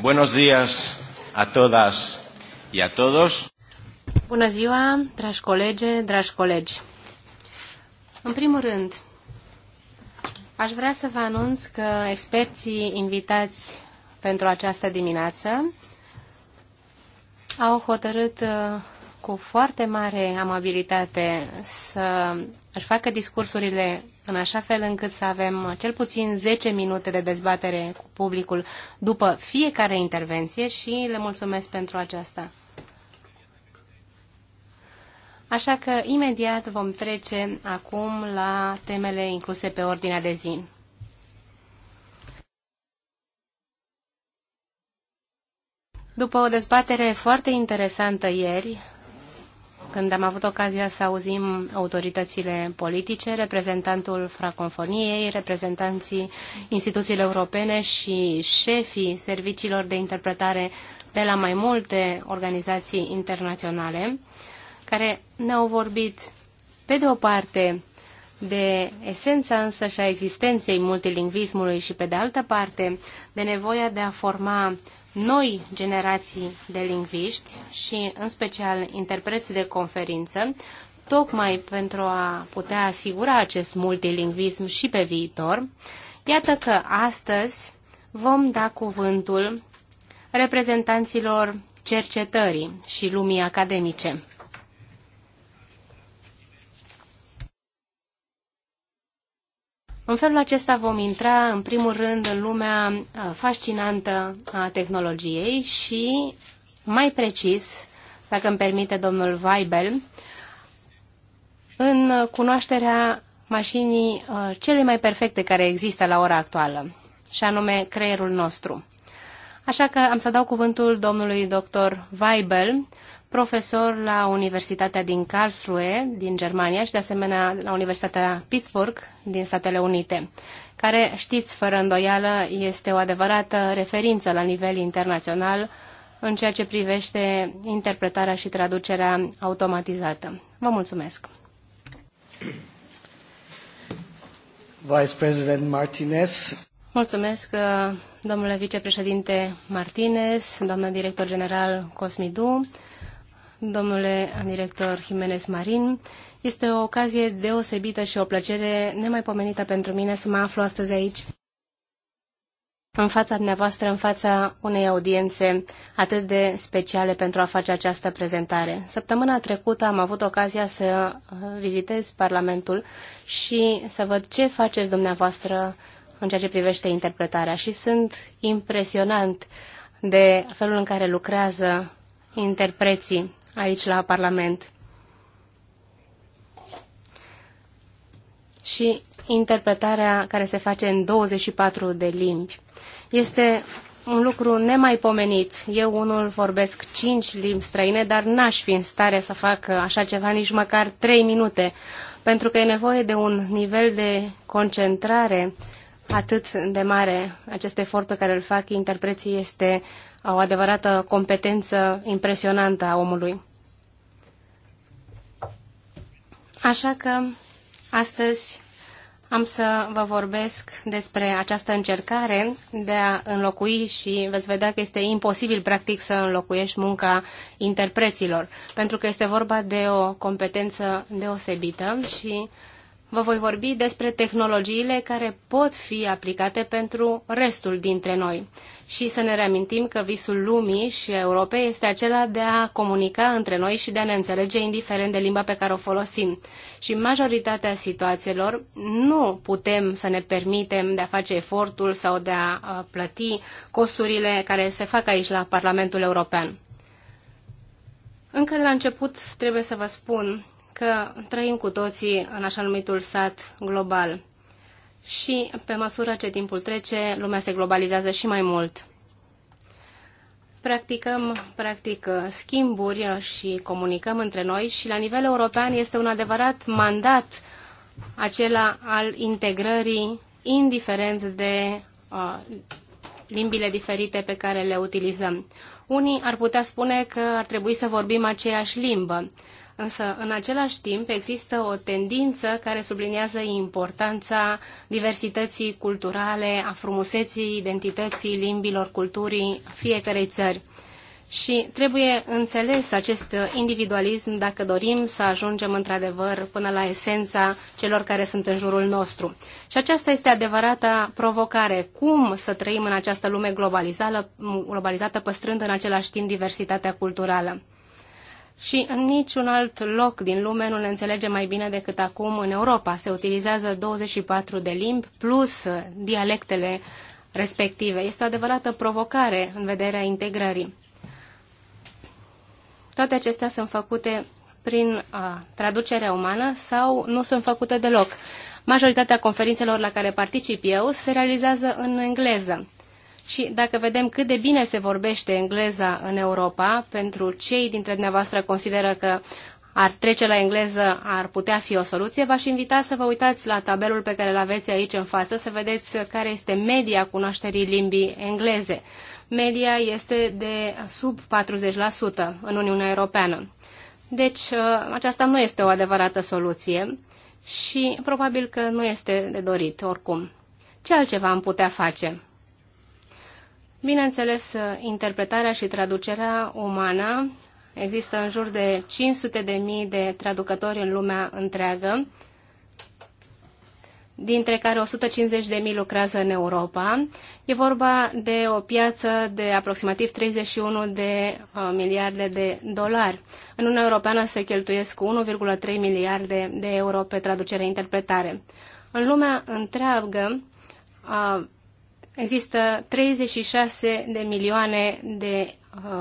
Buenos días a todas y a todos. Bună ziua, dragi colege, dragi colegi. În primul rând, aș vrea să vă anunț că experții invitați pentru această dimineață au hotărât uh, cu foarte mare amabilitate să își facă discursurile în așa fel încât să avem cel puțin 10 minute de dezbatere cu publicul după fiecare intervenție și le mulțumesc pentru aceasta. Așa că imediat vom trece acum la temele incluse pe ordinea de zi. După o dezbatere foarte interesantă ieri, când am avut ocazia să auzim autoritățile politice, reprezentantul fraconfoniei, reprezentanții instituțiilor europene și șefii serviciilor de interpretare de la mai multe organizații internaționale, care ne-au vorbit, pe de o parte, de esența însă și a existenței multilingvismului și, pe de altă parte, de nevoia de a forma noi generații de lingviști și în special interpreți de conferință, tocmai pentru a putea asigura acest multilingvism și pe viitor, iată că astăzi vom da cuvântul reprezentanților cercetării și lumii academice. În felul acesta vom intra, în primul rând, în lumea fascinantă a tehnologiei și, mai precis, dacă îmi permite domnul Weibel, în cunoașterea mașinii cele mai perfecte care există la ora actuală, și anume creierul nostru. Așa că am să dau cuvântul domnului dr. Weibel profesor la Universitatea din Karlsruhe, din Germania, și de asemenea la Universitatea Pittsburgh, din Statele Unite, care, știți, fără îndoială, este o adevărată referință la nivel internațional în ceea ce privește interpretarea și traducerea automatizată. Vă mulțumesc! Vice President Martinez. Mulțumesc, uh, domnule vicepreședinte Martinez, doamna director general Cosmidu domnule director Jimenez Marin. Este o ocazie deosebită și o plăcere nemaipomenită pentru mine să mă aflu astăzi aici, în fața dumneavoastră, în fața unei audiențe atât de speciale pentru a face această prezentare. Săptămâna trecută am avut ocazia să uh, vizitez Parlamentul și să văd ce faceți dumneavoastră în ceea ce privește interpretarea și sunt impresionant de felul în care lucrează interpreții aici la Parlament. Și interpretarea care se face în 24 de limbi. Este un lucru nemaipomenit. Eu unul vorbesc cinci limbi străine, dar n-aș fi în stare să fac așa ceva nici măcar trei minute, pentru că e nevoie de un nivel de concentrare atât de mare. Acest efort pe care îl fac interpreții este o adevărată competență impresionantă a omului. Așa că astăzi am să vă vorbesc despre această încercare de a înlocui și veți vedea că este imposibil practic să înlocuiești munca interpreților, pentru că este vorba de o competență deosebită și vă voi vorbi despre tehnologiile care pot fi aplicate pentru restul dintre noi și să ne reamintim că visul lumii și Europei este acela de a comunica între noi și de a ne înțelege indiferent de limba pe care o folosim. Și în majoritatea situațiilor nu putem să ne permitem de a face efortul sau de a plăti costurile care se fac aici la Parlamentul European. Încă de la început trebuie să vă spun că trăim cu toții în așa numitul sat global. Și pe măsură ce timpul trece, lumea se globalizează și mai mult. Practicăm, practic, schimburi și comunicăm între noi și la nivel european este un adevărat mandat acela al integrării, indiferent de uh, limbile diferite pe care le utilizăm. Unii ar putea spune că ar trebui să vorbim aceeași limbă, Însă, în același timp, există o tendință care subliniază importanța diversității culturale, a frumuseții identității limbilor culturii fiecarei țări. Și trebuie înțeles acest individualism dacă dorim să ajungem într-adevăr până la esența celor care sunt în jurul nostru. Și aceasta este adevărata provocare. Cum să trăim în această lume globalizată, globalizată păstrând în același timp diversitatea culturală? Și în niciun alt loc din lume nu ne înțelege mai bine decât acum în Europa. Se utilizează 24 de limbi plus dialectele respective. Este o adevărată provocare în vederea integrării. Toate acestea sunt făcute prin a, traducerea umană sau nu sunt făcute deloc. Majoritatea conferințelor la care particip eu se realizează în engleză. Și dacă vedem cât de bine se vorbește engleza în Europa, pentru cei dintre dumneavoastră consideră că ar trece la engleză ar putea fi o soluție, v-aș invita să vă uitați la tabelul pe care îl aveți aici în față, să vedeți care este media cunoașterii limbii engleze. Media este de sub 40% în Uniunea Europeană. Deci ă, aceasta nu este o adevărată soluție și probabil că nu este de dorit oricum. Ce altceva am putea face? Bineînțeles, interpretarea și traducerea umană există în jur de 500 de mii de traducători în lumea întreagă, dintre care 150 de mii lucrează în Europa. E vorba de o piață de aproximativ 31 de miliarde de dolari. În Uniunea Europeană se cheltuiesc 1,3 miliarde de euro pe traducere-interpretare. În lumea întreagă, Există 36 de milioane de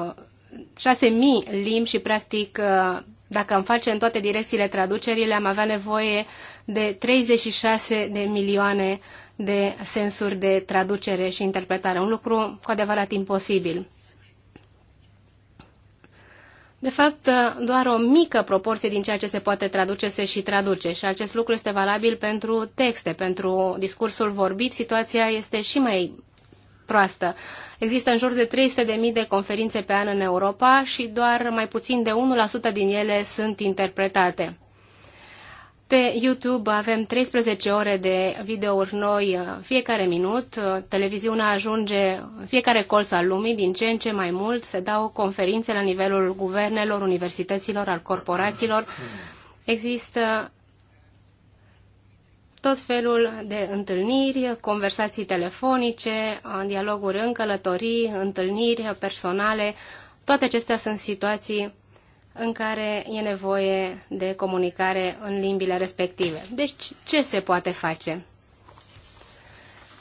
uh, 6.000 limbi și, practic, uh, dacă am face în toate direcțiile traducerile, am avea nevoie de 36 de milioane de sensuri de traducere și interpretare. Un lucru cu adevărat imposibil. De fapt, doar o mică proporție din ceea ce se poate traduce se și traduce și acest lucru este valabil pentru texte, pentru discursul vorbit, situația este și mai proastă. Există în jur de 300.000 de conferințe pe an în Europa și doar mai puțin de 1% din ele sunt interpretate. Pe YouTube avem 13 ore de videouri noi uh, fiecare minut, uh, televiziunea ajunge în fiecare colț al lumii, din ce în ce mai mult, se dau conferințe la nivelul guvernelor, universităților, al corporațiilor. Există tot felul de întâlniri, conversații telefonice, uh, dialoguri în călătorii, întâlniri personale, toate acestea sunt situații în care e nevoie de comunicare în limbile respective. Deci, ce se poate face?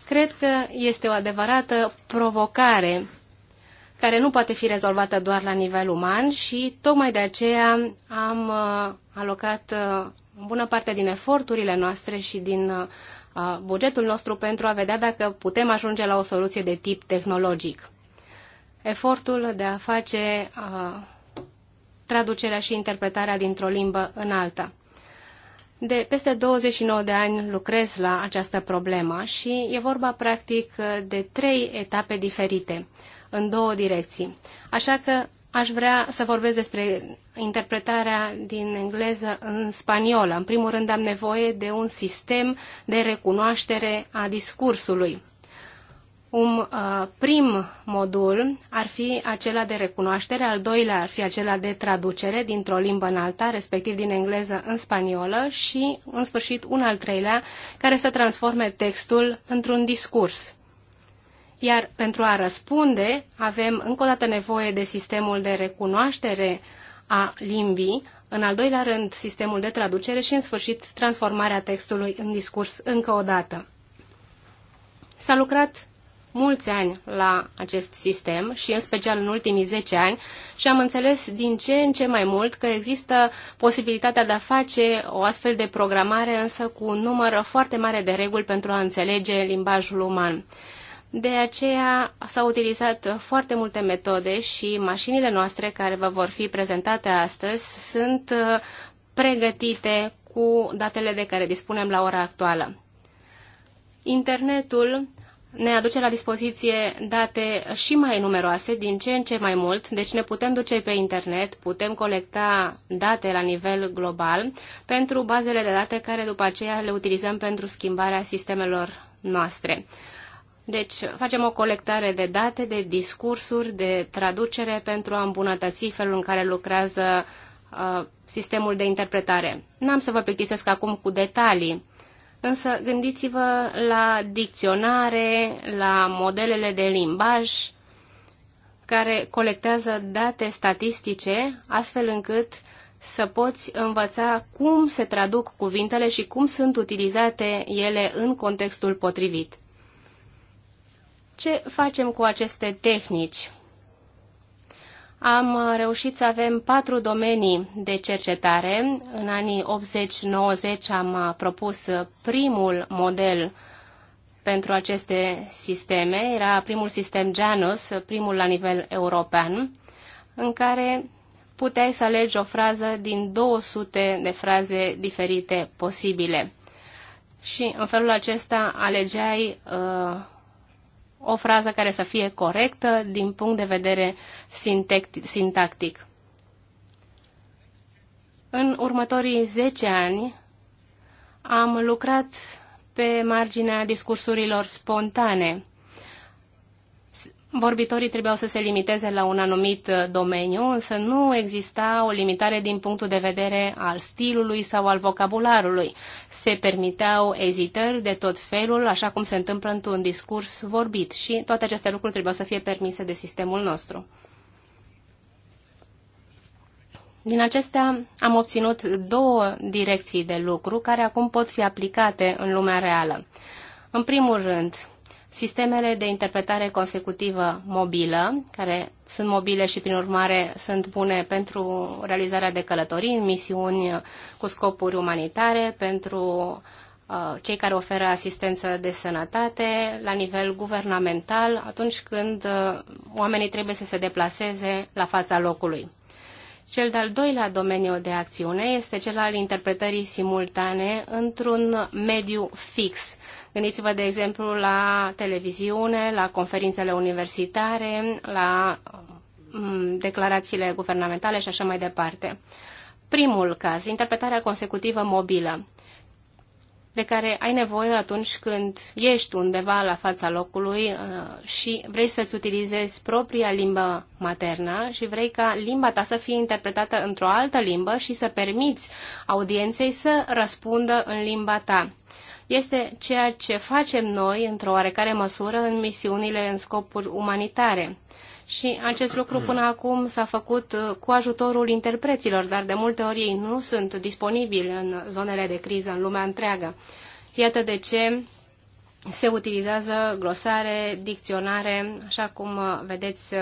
Cred că este o adevărată provocare care nu poate fi rezolvată doar la nivel uman și tocmai de aceea am uh, alocat uh, bună parte din eforturile noastre și din uh, bugetul nostru pentru a vedea dacă putem ajunge la o soluție de tip tehnologic. Efortul de a face traducerea și interpretarea dintr-o limbă în alta. De peste 29 de ani lucrez la această problemă și e vorba practic de trei etape diferite, în două direcții. Așa că aș vrea să vorbesc despre interpretarea din engleză în spaniolă. În primul rând am nevoie de un sistem de recunoaștere a discursului un uh, prim modul ar fi acela de recunoaștere, al doilea ar fi acela de traducere dintr-o limbă în alta, respectiv din engleză în spaniolă și, în sfârșit, un al treilea care să transforme textul într-un discurs. Iar pentru a răspunde, avem încă o dată nevoie de sistemul de recunoaștere a limbii, în al doilea rând sistemul de traducere și, în sfârșit, transformarea textului în discurs încă o dată. S-a lucrat mulți ani la acest sistem și în special în ultimii 10 ani și am înțeles din ce în ce mai mult că există posibilitatea de a face o astfel de programare, însă cu un număr foarte mare de reguli pentru a înțelege limbajul uman. De aceea s-au utilizat foarte multe metode și mașinile noastre care vă vor fi prezentate astăzi sunt uh, pregătite cu datele de care dispunem la ora actuală. Internetul ne aduce la dispoziție date și mai numeroase, din ce în ce mai mult, deci ne putem duce pe internet, putem colecta date la nivel global pentru bazele de date care după aceea le utilizăm pentru schimbarea sistemelor noastre. Deci facem o colectare de date, de discursuri, de traducere pentru a îmbunătăți felul în care lucrează uh, sistemul de interpretare. N-am să vă plictisesc acum cu detalii Însă gândiți-vă la dicționare, la modelele de limbaj care colectează date statistice, astfel încât să poți învăța cum se traduc cuvintele și cum sunt utilizate ele în contextul potrivit. Ce facem cu aceste tehnici? am uh, reușit să avem patru domenii de cercetare. În anii 80-90 am uh, propus uh, primul model pentru aceste sisteme. Era primul sistem Janus, primul la nivel european, în care puteai să alegi o frază din 200 de fraze diferite posibile. Și în felul acesta alegeai uh, o frază care să fie corectă din punct de vedere sintactic. În următorii 10 ani am lucrat pe marginea discursurilor spontane vorbitorii trebuiau să se limiteze la un anumit uh, domeniu, însă nu exista o limitare din punctul de vedere al stilului sau al vocabularului. Se permiteau ezitări de tot felul, așa cum se întâmplă într-un discurs vorbit și toate aceste lucruri trebuiau să fie permise de sistemul nostru. Din acestea am obținut două direcții de lucru care acum pot fi aplicate în lumea reală. În primul rând, sistemele de interpretare consecutivă mobilă, care sunt mobile și, prin urmare, sunt bune pentru realizarea de călătorii, misiuni cu scopuri umanitare, pentru uh, cei care oferă asistență de sănătate la nivel guvernamental atunci când uh, oamenii trebuie să se deplaseze la fața locului. Cel de-al doilea domeniu de acțiune este cel al interpretării simultane într-un mediu fix. Gândiți-vă, de exemplu, la televiziune, la conferințele universitare, la mm, declarațiile guvernamentale și așa mai departe. Primul caz, interpretarea consecutivă mobilă, de care ai nevoie atunci când ești undeva la fața locului uh, și vrei să-ți utilizezi propria limbă maternă și vrei ca limba ta să fie interpretată într-o altă limbă și să permiți audienței să răspundă în limba ta este ceea ce facem noi, într-o oarecare măsură, în misiunile în scopuri umanitare. Și acest lucru până acum s-a făcut uh, cu ajutorul interpreților, dar de multe ori ei nu sunt disponibili în zonele de criză, în lumea întreagă. Iată de ce se utilizează glosare, dicționare, așa cum uh, vedeți uh,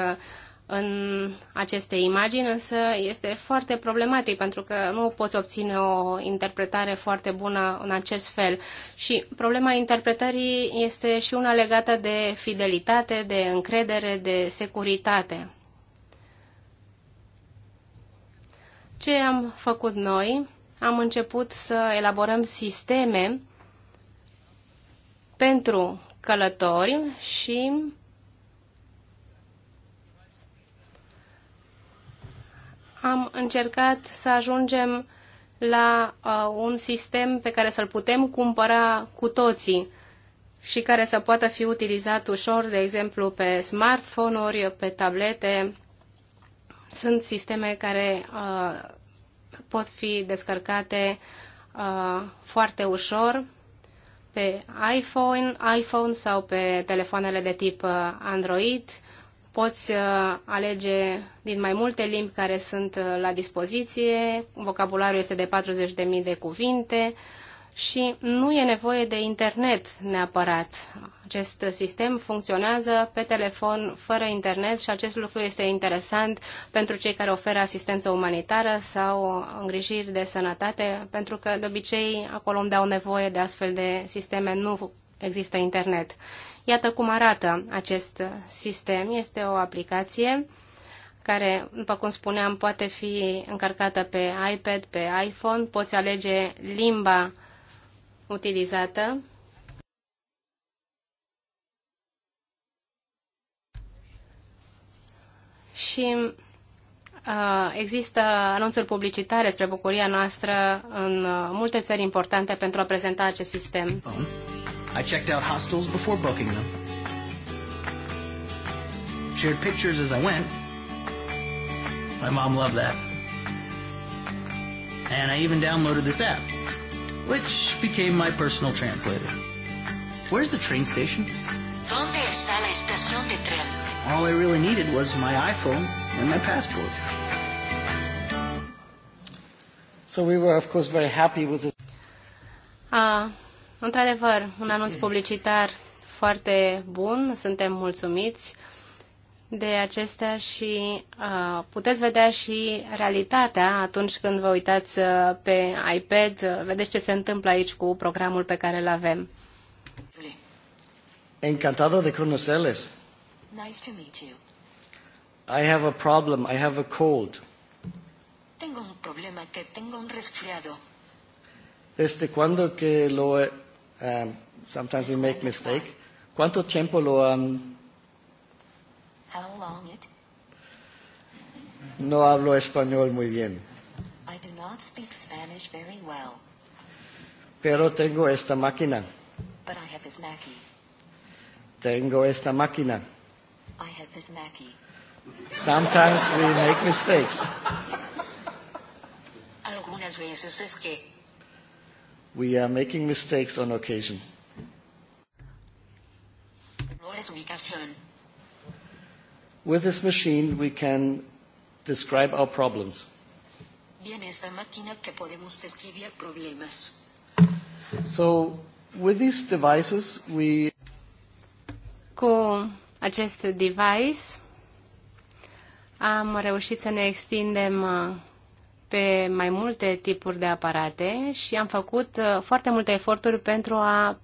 în aceste imagini, însă este foarte problematic pentru că nu poți obține o interpretare foarte bună în acest fel. Și problema interpretării este și una legată de fidelitate, de încredere, de securitate. Ce am făcut noi? Am început să elaborăm sisteme pentru călători și am încercat să ajungem la uh, un sistem pe care să-l putem cumpăra cu toții și care să poată fi utilizat ușor, de exemplu, pe smartphone-uri, pe tablete. Sunt sisteme care uh, pot fi descărcate uh, foarte ușor pe iPhone, iPhone sau pe telefoanele de tip uh, Android poți uh, alege din mai multe limbi care sunt uh, la dispoziție, vocabularul este de 40.000 de cuvinte și nu e nevoie de internet neapărat. Acest sistem funcționează pe telefon fără internet și acest lucru este interesant pentru cei care oferă asistență umanitară sau îngrijiri de sănătate, pentru că de obicei acolo unde au nevoie de astfel de sisteme nu există internet. Iată cum arată acest sistem. Este o aplicație care, după cum spuneam, poate fi încărcată pe iPad, pe iPhone. Poți alege limba utilizată. Și Uh, există anunțuri publicitare spre bucuria noastră în uh, multe țări importante pentru a prezenta acest sistem. I checked out hostels before booking them, shared pictures as I went. My mom loved that. And I even downloaded this app, which became my personal translator. Where's the train station? ¿Dónde está la estación de tren? All I really needed was my iPhone and my passport. So we were, of course, very happy with it. Ah, Într-adevăr, un anunț publicitar foarte bun, suntem mulțumiți de acestea și uh, puteți vedea și realitatea atunci când vă uitați uh, pe iPad, uh, vedeți ce se întâmplă aici cu programul pe care îl avem. Encantado de conocerles. Nice to meet you. I have a problem. I have a cold. Tengo un problema que tengo un resfriado. ¿Desde cuando que lo Um, sometimes we make mistake. ¿Cuánto tiempo lo han...? Um, How long it? No hablo español muy bien. I do not speak Spanish very well. Pero tengo esta máquina. But I have this Mackie. Tengo esta máquina. I have this Mackie. Sometimes we make mistakes. Algunas veces es que We are making mistakes on occasion. With this machine we can describe our problems. So, with these devices we Cu acest device am reușit să ne extindem uh, pe mai multe tipuri de aparate și am făcut uh, foarte multe eforturi pentru a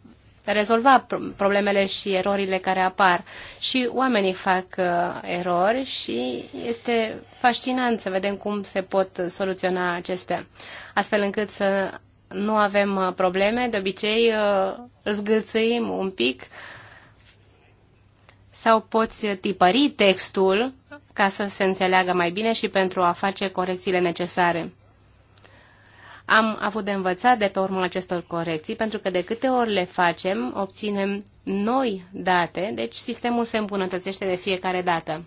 rezolva problemele și erorile care apar. Și oamenii fac uh, erori și este fascinant să vedem cum se pot soluționa acestea, astfel încât să nu avem uh, probleme. De obicei zgâlțâim un pic sau poți tipări textul ca să se înțeleagă mai bine și pentru a face corecțiile necesare. Am avut de învățat de pe urma acestor corecții, pentru că de câte ori le facem, obținem noi date, deci sistemul se îmbunătățește de fiecare dată.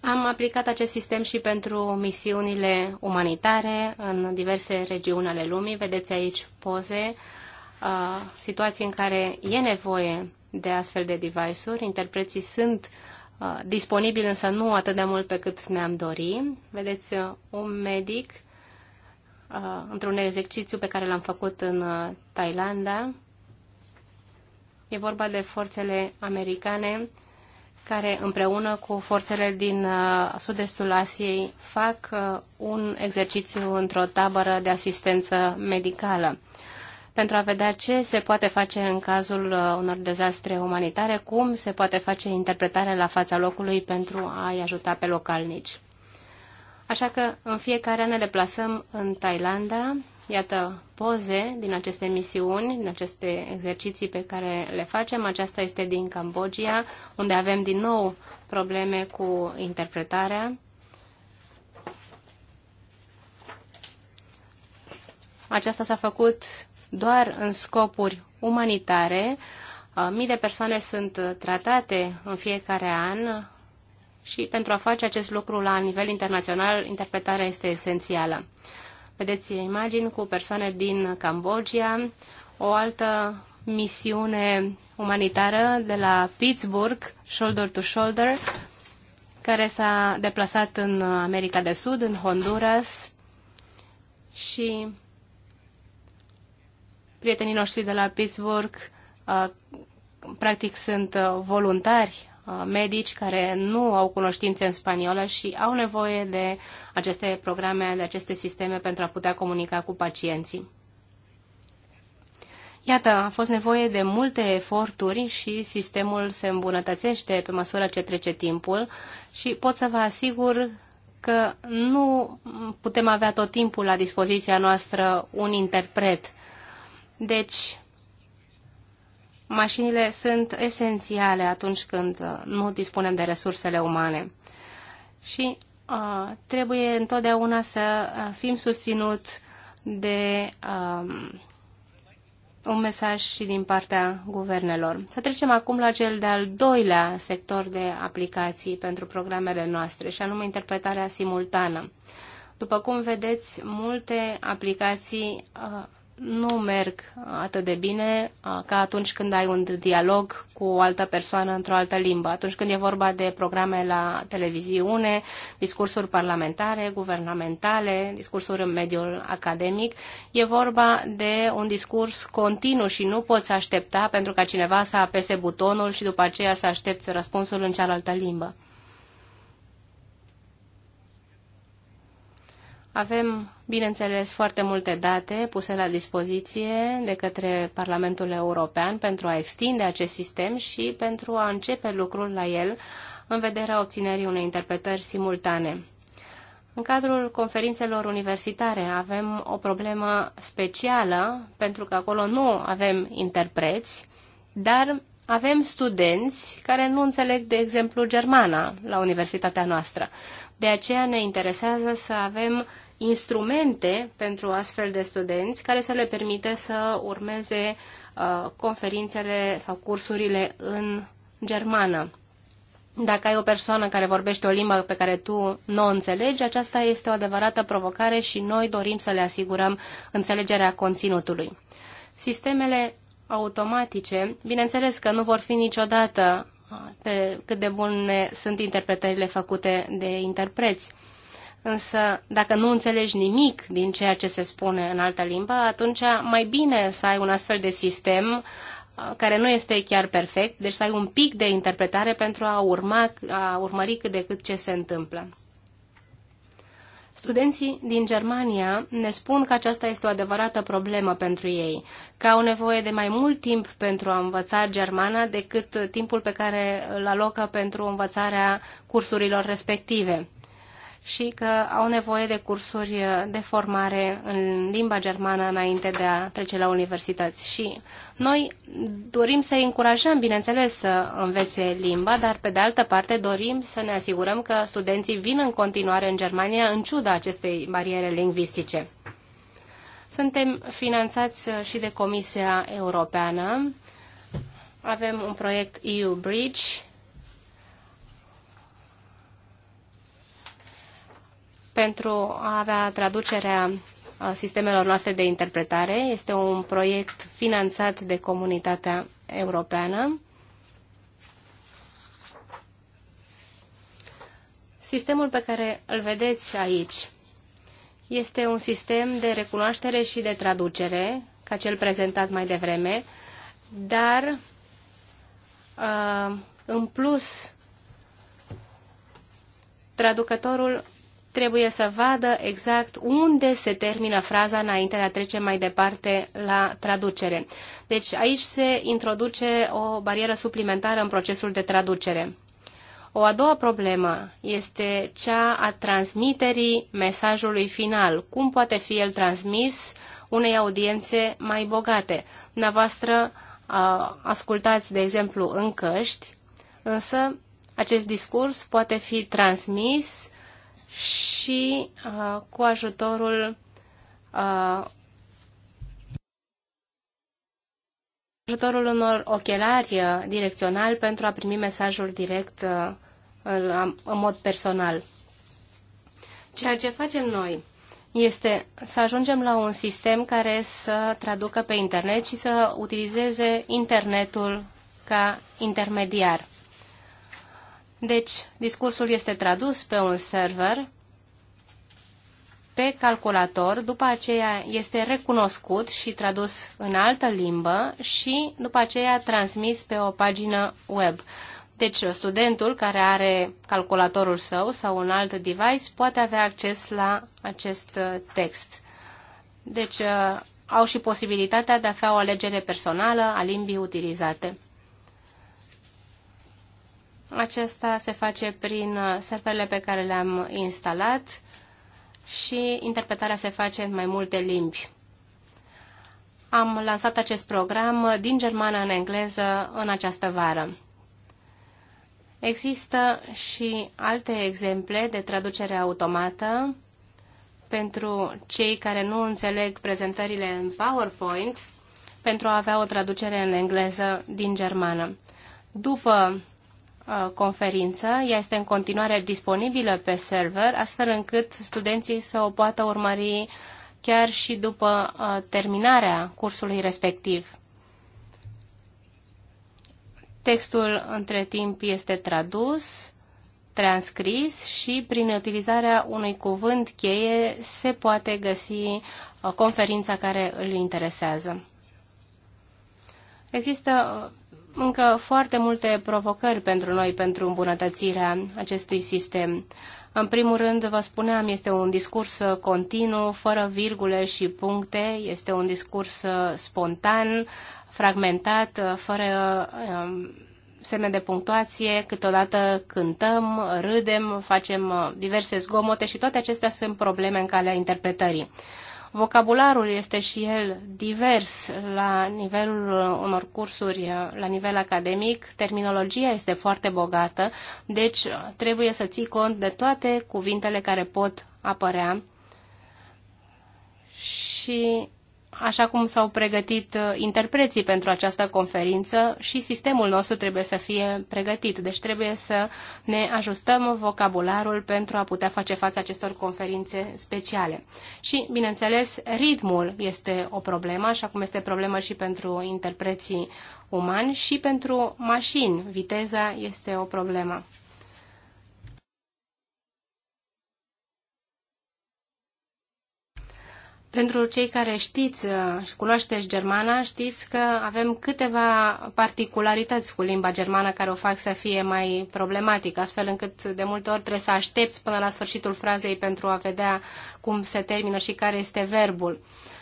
Am aplicat acest sistem și pentru misiunile umanitare în diverse regiuni ale lumii. Vedeți aici poze, uh, situații în care e nevoie de astfel de device-uri. Interpreții sunt uh, Uh, disponibil, însă nu atât de mult pe cât ne-am dori. Vedeți, uh, un medic uh, într-un exercițiu pe care l-am făcut în Thailanda. E vorba de forțele americane care împreună cu forțele din sud-estul Asiei fac un exercițiu într-o tabără de asistență medicală pentru a vedea ce se poate face în cazul uh, unor dezastre umanitare, cum se poate face interpretarea la fața locului pentru a-i ajuta pe localnici. Așa că în fiecare an ne deplasăm în Thailanda. Iată poze din aceste misiuni, din aceste exerciții pe care le facem. Aceasta este din Cambodgia, unde avem din nou probleme cu interpretarea. Aceasta s-a făcut doar în scopuri umanitare. Mii de persoane sunt tratate în fiecare an și pentru a face acest lucru la nivel internațional, interpretarea este esențială. Vedeți imagini cu persoane din Cambodgia, o altă misiune umanitară de la Pittsburgh, Shoulder to Shoulder, care s-a deplasat în America de Sud, în Honduras și Prietenii noștri de la Pittsburgh uh, practic sunt uh, voluntari uh, medici care nu au cunoștințe în spaniolă și au nevoie de aceste programe, de aceste sisteme pentru a putea comunica cu pacienții. Iată, a fost nevoie de multe eforturi și sistemul se îmbunătățește pe măsură ce trece timpul și pot să vă asigur că nu putem avea tot timpul la dispoziția noastră un interpret deci, mașinile sunt esențiale atunci când uh, nu dispunem de resursele umane. Și uh, trebuie întotdeauna să uh, fim susținut de uh, un mesaj și din partea guvernelor. Să trecem acum la cel de-al doilea sector de aplicații pentru programele noastre, și anume interpretarea simultană. După cum vedeți, multe aplicații uh, nu merg atât de bine ca atunci când ai un dialog cu o altă persoană într-o altă limbă. Atunci când e vorba de programe la televiziune, discursuri parlamentare, guvernamentale, discursuri în mediul academic, e vorba de un discurs continuu și nu poți aștepta pentru ca cineva să apese butonul și după aceea să aștepți răspunsul în cealaltă limbă. Avem, bineînțeles, foarte multe date puse la dispoziție de către Parlamentul European pentru a extinde acest sistem și pentru a începe lucrul la el în vederea obținerii unei interpretări simultane. În cadrul conferințelor universitare avem o problemă specială, pentru că acolo nu avem interpreți, dar avem studenți care nu înțeleg, de exemplu, germana la universitatea noastră. De aceea ne interesează să avem instrumente pentru astfel de studenți care să le permite să urmeze uh, conferințele sau cursurile în germană. Dacă ai o persoană care vorbește o limbă pe care tu nu o înțelegi, aceasta este o adevărată provocare și noi dorim să le asigurăm înțelegerea conținutului. Sistemele automatice, bineînțeles că nu vor fi niciodată uh, pe cât de bune sunt interpretările făcute de interpreți. Însă, dacă nu înțelegi nimic din ceea ce se spune în altă limbă, atunci mai bine să ai un astfel de sistem uh, care nu este chiar perfect, deci să ai un pic de interpretare pentru a, urma, a urmări cât de cât ce se întâmplă. Studenții din Germania ne spun că aceasta este o adevărată problemă pentru ei, că au nevoie de mai mult timp pentru a învăța germana decât timpul pe care îl alocă pentru învățarea cursurilor respective și că au nevoie de cursuri de formare în limba germană înainte de a trece la universități. Și noi dorim să încurajăm, bineînțeles, să învețe limba, dar pe de altă parte dorim să ne asigurăm că studenții vin în continuare în Germania în ciuda acestei bariere lingvistice. Suntem finanțați și de Comisia Europeană. Avem un proiect EU Bridge pentru a avea traducerea sistemelor noastre de interpretare. Este un proiect finanțat de comunitatea europeană. Sistemul pe care îl vedeți aici este un sistem de recunoaștere și de traducere, ca cel prezentat mai devreme, dar în plus traducătorul trebuie să vadă exact unde se termină fraza înainte de a trece mai departe la traducere. Deci aici se introduce o barieră suplimentară în procesul de traducere. O a doua problemă este cea a transmiterii mesajului final. Cum poate fi el transmis unei audiențe mai bogate? Dumneavoastră ascultați, de exemplu, în căști, însă acest discurs poate fi transmis și uh, cu ajutorul uh, ajutorul unor ochelari uh, direcțional pentru a primi mesajul direct uh, în, în mod personal. Ceea ce facem noi este să ajungem la un sistem care să traducă pe internet și să utilizeze internetul ca intermediar. Deci, discursul este tradus pe un server, pe calculator, după aceea este recunoscut și tradus în altă limbă și după aceea transmis pe o pagină web. Deci studentul care are calculatorul său sau un alt device poate avea acces la acest uh, text. Deci uh, au și posibilitatea de a avea o alegere personală a limbii utilizate. Acesta se face prin uh, serverele pe care le-am instalat și interpretarea se face în mai multe limbi. Am lansat acest program din germană în engleză în această vară. Există și alte exemple de traducere automată pentru cei care nu înțeleg prezentările în PowerPoint pentru a avea o traducere în engleză din germană. După Uh, conferință. Ea este în continuare disponibilă pe server, astfel încât studenții să o poată urmări chiar și după uh, terminarea cursului respectiv. Textul între timp este tradus, transcris și prin utilizarea unui cuvânt cheie se poate găsi uh, conferința care îl interesează. Există încă foarte multe provocări pentru noi pentru îmbunătățirea acestui sistem. În primul rând, vă spuneam, este un discurs continuu, fără virgule și puncte, este un discurs spontan, fragmentat, fără um, semne de punctuație, câteodată cântăm, râdem, facem uh, diverse zgomote și toate acestea sunt probleme în calea interpretării. Vocabularul este și el divers la nivelul unor cursuri la nivel academic, terminologia este foarte bogată, deci trebuie să ții cont de toate cuvintele care pot apărea și așa cum s-au pregătit uh, interpreții pentru această conferință și sistemul nostru trebuie să fie pregătit. Deci trebuie să ne ajustăm vocabularul pentru a putea face față acestor conferințe speciale. Și, bineînțeles, ritmul este o problemă, așa cum este problemă și pentru interpreții umani și pentru mașini. Viteza este o problemă. Pentru cei care știți și uh, cunoașteți germana, știți că avem câteva particularități cu limba germană care o fac să fie mai problematică, astfel încât de multe ori trebuie să aștepți până la sfârșitul frazei pentru a vedea cum se termină și care este verbul.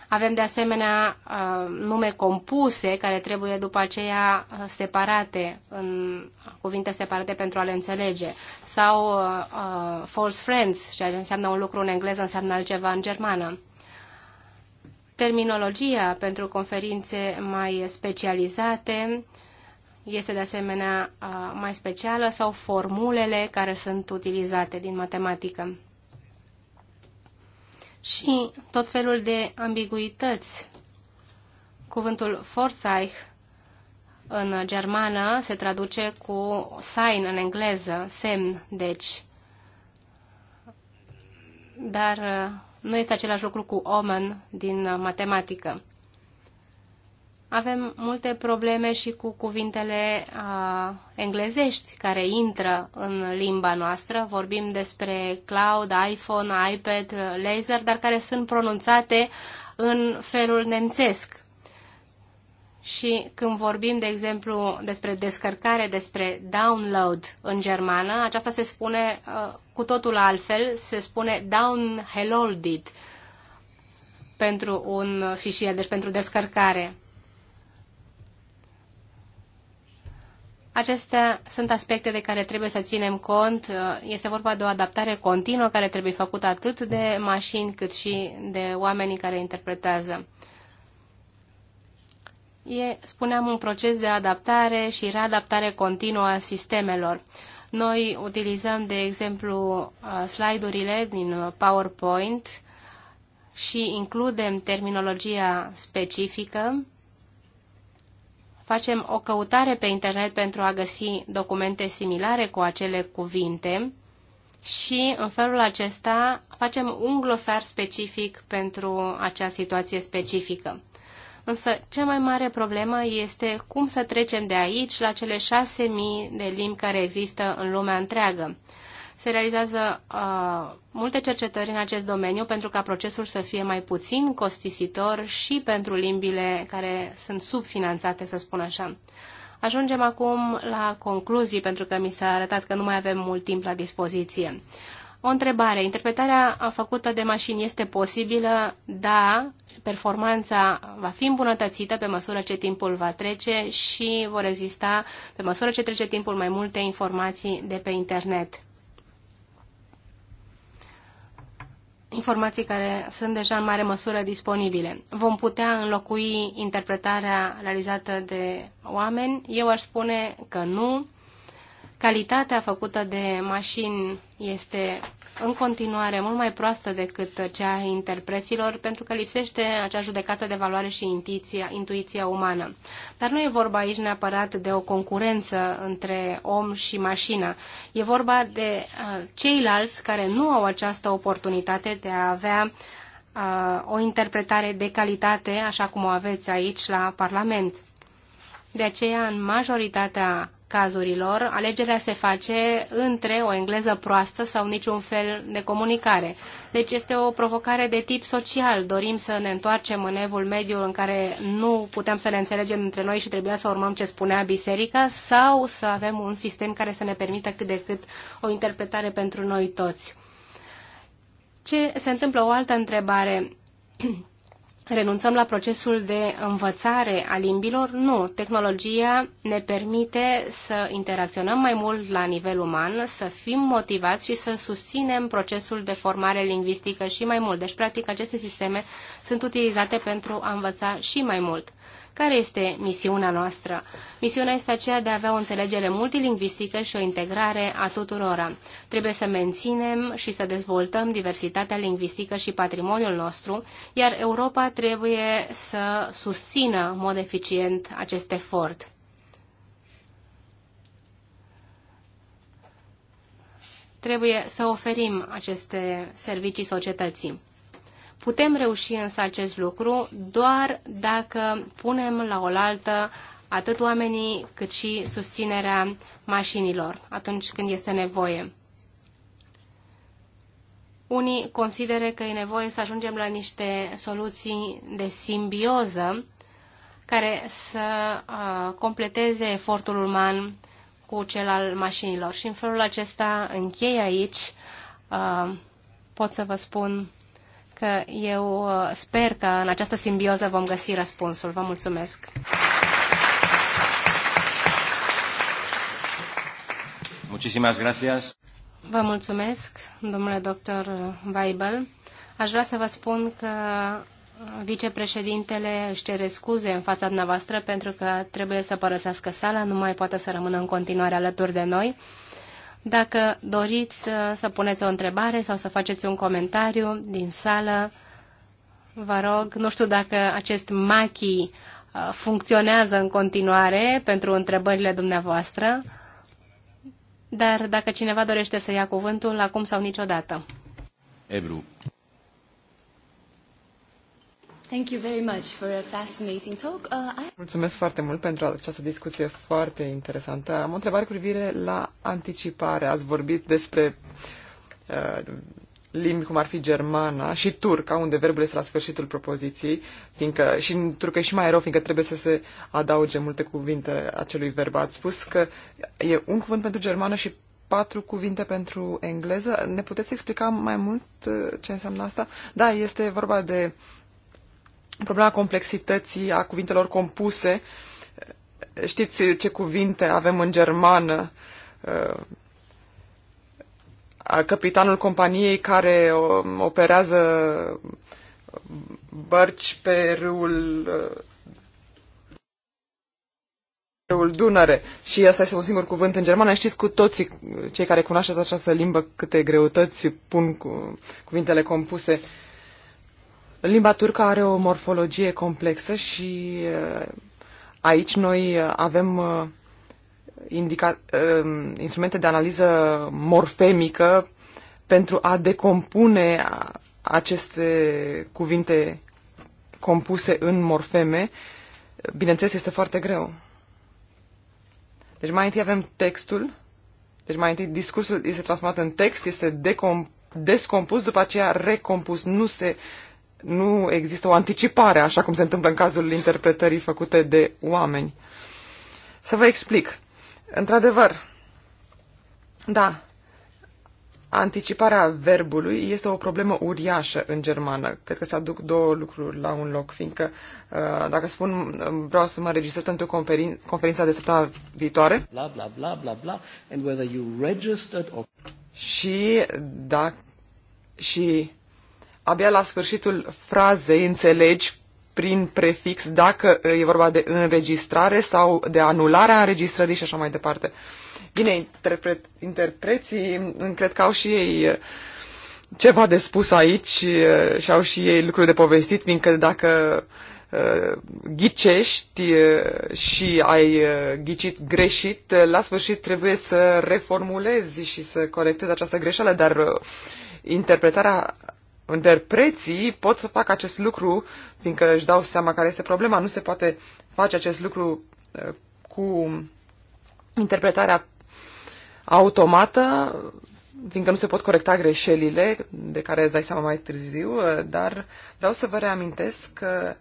Avem de asemenea uh, nume compuse care trebuie după aceea uh, separate în cuvinte separate pentru a le înțelege. Sau uh, false friends, ceea ce înseamnă un lucru în engleză înseamnă altceva în germană. Terminologia pentru conferințe mai specializate este de asemenea mai specială sau formulele care sunt utilizate din matematică. Și tot felul de ambiguități. Cuvântul Forsyth în germană se traduce cu sign în engleză, semn, deci. Dar nu este același lucru cu omen din matematică. Avem multe probleme și cu cuvintele a, englezești care intră în limba noastră. Vorbim despre cloud, iPhone, iPad, laser, dar care sunt pronunțate în felul nemțesc. Și când vorbim, de exemplu, despre descărcare, despre download în germană, aceasta se spune uh, cu totul altfel, se spune downloaded pentru un fișier, deci pentru descărcare. Acestea sunt aspecte de care trebuie să ținem cont. Este vorba de o adaptare continuă care trebuie făcută atât de mașini cât și de oamenii care interpretează. E, spuneam, un proces de adaptare și readaptare continuă a sistemelor. Noi utilizăm, de exemplu, uh, slide-urile din uh, PowerPoint și includem terminologia specifică. Facem o căutare pe internet pentru a găsi documente similare cu acele cuvinte și în felul acesta facem un glosar specific pentru acea situație specifică. Însă cea mai mare problemă este cum să trecem de aici la cele șase mii de limbi care există în lumea întreagă. Se realizează uh, multe cercetări în acest domeniu pentru ca procesul să fie mai puțin costisitor și pentru limbile care sunt subfinanțate, să spun așa. Ajungem acum la concluzii, pentru că mi s-a arătat că nu mai avem mult timp la dispoziție. O întrebare. Interpretarea făcută de mașini este posibilă? Da, performanța va fi îmbunătățită pe măsură ce timpul va trece și vor rezista pe măsură ce trece timpul mai multe informații de pe internet. informații care sunt deja în mare măsură disponibile. Vom putea înlocui interpretarea realizată de oameni? Eu aș spune că nu. Calitatea făcută de mașini este în continuare mult mai proastă decât cea a interpreților, pentru că lipsește acea judecată de valoare și intuiția, intuiția umană. Dar nu e vorba aici neapărat de o concurență între om și mașină. E vorba de uh, ceilalți care nu au această oportunitate de a avea uh, o interpretare de calitate, așa cum o aveți aici la Parlament. De aceea, în majoritatea cazurilor, alegerea se face între o engleză proastă sau niciun fel de comunicare. Deci este o provocare de tip social. Dorim să ne întoarcem în evul mediu în care nu putem să ne înțelegem între noi și trebuia să urmăm ce spunea biserica sau să avem un sistem care să ne permită cât de cât o interpretare pentru noi toți. Ce se întâmplă? O altă întrebare renunțăm la procesul de învățare a limbilor? Nu. Tehnologia ne permite să interacționăm mai mult la nivel uman, să fim motivați și să susținem procesul de formare lingvistică și mai mult. Deci, practic, aceste sisteme sunt utilizate pentru a învăța și mai mult. Care este misiunea noastră? Misiunea este aceea de a avea o înțelegere multilingvistică și o integrare a tuturora. Trebuie să menținem și să dezvoltăm diversitatea lingvistică și patrimoniul nostru, iar Europa trebuie să susțină în mod eficient acest efort. trebuie să oferim aceste servicii societății. Putem reuși însă acest lucru doar dacă punem la oaltă atât oamenii cât și susținerea mașinilor atunci când este nevoie. Unii consideră că e nevoie să ajungem la niște soluții de simbioză care să uh, completeze efortul uman cu cel al mașinilor. Și în felul acesta închei aici. Uh, pot să vă spun că eu uh, sper că în această simbioză vom găsi răspunsul. Vă mulțumesc! Muchísimas gracias. Vă mulțumesc, domnule doctor Weibel. Aș vrea să vă spun că vicepreședintele își cere scuze în fața dumneavoastră pentru că trebuie să părăsească sala, nu mai poate să rămână în continuare alături de noi. Dacă doriți să, uh, să puneți o întrebare sau să faceți un comentariu din sală, vă rog, nu știu dacă acest machi uh, funcționează în continuare pentru întrebările dumneavoastră, dar dacă cineva dorește să ia cuvântul, acum sau niciodată. Ebru. Thank you very much for a fascinating talk. Uh, I... Mulțumesc foarte mult pentru această discuție foarte interesantă. Am o întrebare cu privire la anticipare. Ați vorbit despre uh, limbi cum ar fi germana și turca, unde verbul este la sfârșitul propoziției, fiindcă și în turcă e și mai rău, fiindcă trebuie să se adauge multe cuvinte acelui verb. Ați spus că e un cuvânt pentru germană și patru cuvinte pentru engleză. Ne puteți explica mai mult uh, ce înseamnă asta? Da, este vorba de problema complexității a cuvintelor compuse. Știți ce cuvinte avem în germană? Capitanul companiei care operează bărci pe râul Dunăre și asta este un singur cuvânt în germană. Știți cu toții cei care cunoașteți această limbă câte greutăți pun cu cuvintele compuse uh, Limba turcă are o morfologie complexă și uh, aici noi uh, avem uh, indica, instrumente de analiză morfemică pentru a decompune aceste cuvinte compuse în morfeme. Bineînțeles, este foarte greu. Deci mai întâi avem textul, deci mai întâi discursul este transformat în text, este descompus, după aceea recompus. Nu se nu există o anticipare, așa cum se întâmplă în cazul interpretării făcute de oameni. Să vă explic. Într-adevăr, da, anticiparea verbului este o problemă uriașă în germană. Cred că se aduc două lucruri la un loc, fiindcă uh, dacă spun uh, vreau să mă registrez pentru conferin- conferința de săptămâna viitoare. Bla, bla, bla, bla, bla, and whether you registered or... Și, da, și abia la sfârșitul frazei înțelegi prin prefix dacă e vorba de înregistrare sau de anularea înregistrării și așa mai departe. Bine, interpret, interpreții mm, cred că au și ei uh, ceva de spus aici uh, și au și ei lucruri de povestit, fiindcă dacă uh, ghicești și ai ghicit greșit, la sfârșit trebuie să reformulezi și să corectezi această greșeală, dar interpretarea interpreții pot să facă acest lucru, fiindcă își dau seama care este problema. Nu se poate face acest lucru uh, cu interpretarea automată, fiindcă nu se pot corecta greșelile, de care îți dai seama mai târziu, uh, dar vreau să vă reamintesc că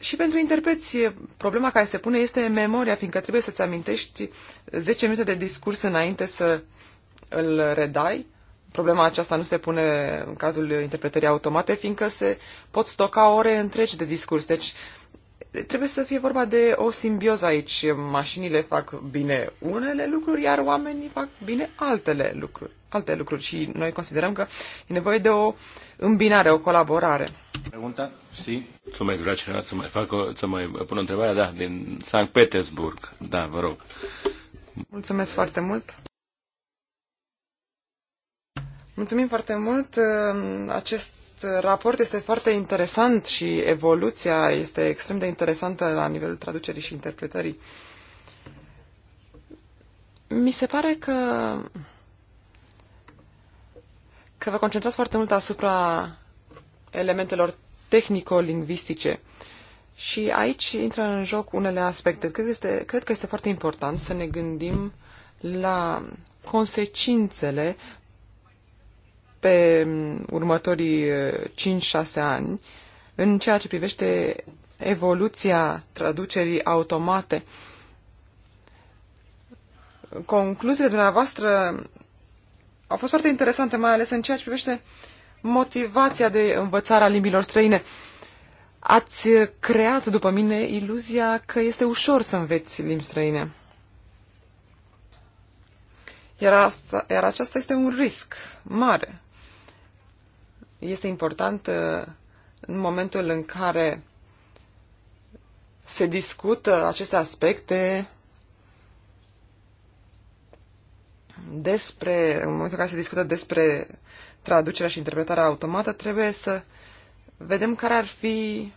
și pentru interpreție, problema care se pune este memoria, fiindcă trebuie să-ți amintești 10 minute de discurs înainte să îl redai problema aceasta nu se pune în cazul interpretării automate, fiindcă se pot stoca ore întregi de discurs. Deci trebuie să fie vorba de o simbioză aici. Mașinile fac bine unele lucruri, iar oamenii fac bine altele lucruri. Alte lucruri și noi considerăm că e nevoie de o îmbinare, o colaborare. Pregunta? Si. mai vrea cineva să mai, fac o, să mai pun o întrebare? Da, din Sankt Petersburg. Da, vă rog. Mulțumesc foarte mult. Mulțumim foarte mult. Acest raport este foarte interesant și evoluția este extrem de interesantă la nivelul traducerii și interpretării. Mi se pare că că vă concentrați foarte mult asupra elementelor tehnico-lingvistice. Și aici intră în joc unele aspecte. Cred că, este, cred că este foarte important să ne gândim la consecințele pe mm, următorii 5-6 eh, ani în ceea ce privește evoluția traducerii automate. Concluziile dumneavoastră au fost foarte interesante, mai ales în ceea ce privește motivația de învățare a limbilor străine. Ați creat, după mine, iluzia că este ușor să înveți limbi străine. Iar, asta, iar aceasta este un risc mare este important uh, în momentul în care se discută aceste aspecte despre, în momentul în care se discută despre traducerea și interpretarea automată, trebuie să vedem care ar fi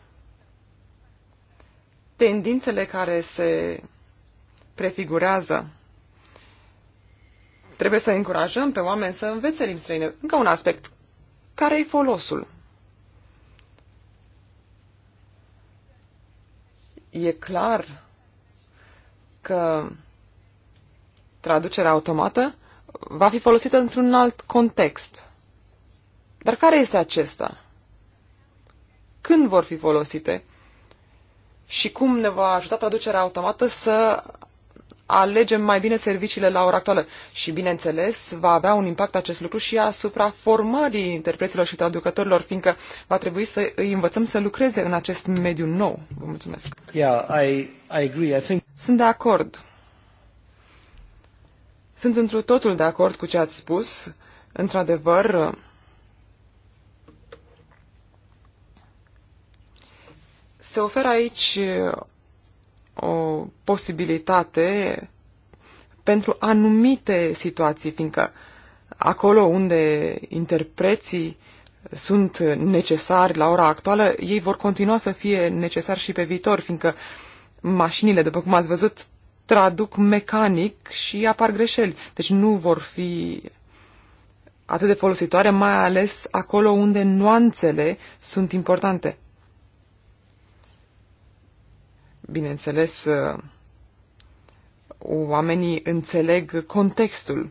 tendințele care se prefigurează. Trebuie să încurajăm pe oameni să învețe limbi străine. Încă un aspect care e folosul? E clar că traducerea automată va fi folosită într-un alt context. Dar care este acesta? Când vor fi folosite? Și cum ne va ajuta traducerea automată să alegem mai bine serviciile la ora actuală. Și, bineînțeles, va avea un impact acest lucru și asupra formării interpreților și traducătorilor, fiindcă va trebui să îi învățăm să lucreze în acest mediu nou. Vă mulțumesc. Yeah, I, I agree. I think... Sunt de acord. Sunt întru totul de acord cu ce ați spus. Într-adevăr, se oferă aici o posibilitate pentru anumite situații, fiindcă acolo unde interpreții sunt necesari la ora actuală, ei vor continua să fie necesari și pe viitor, fiindcă mașinile, după cum ați văzut, traduc mecanic și apar greșeli. Deci nu vor fi atât de folositoare, mai ales acolo unde nuanțele sunt importante bineînțeles, uh, oamenii înțeleg contextul.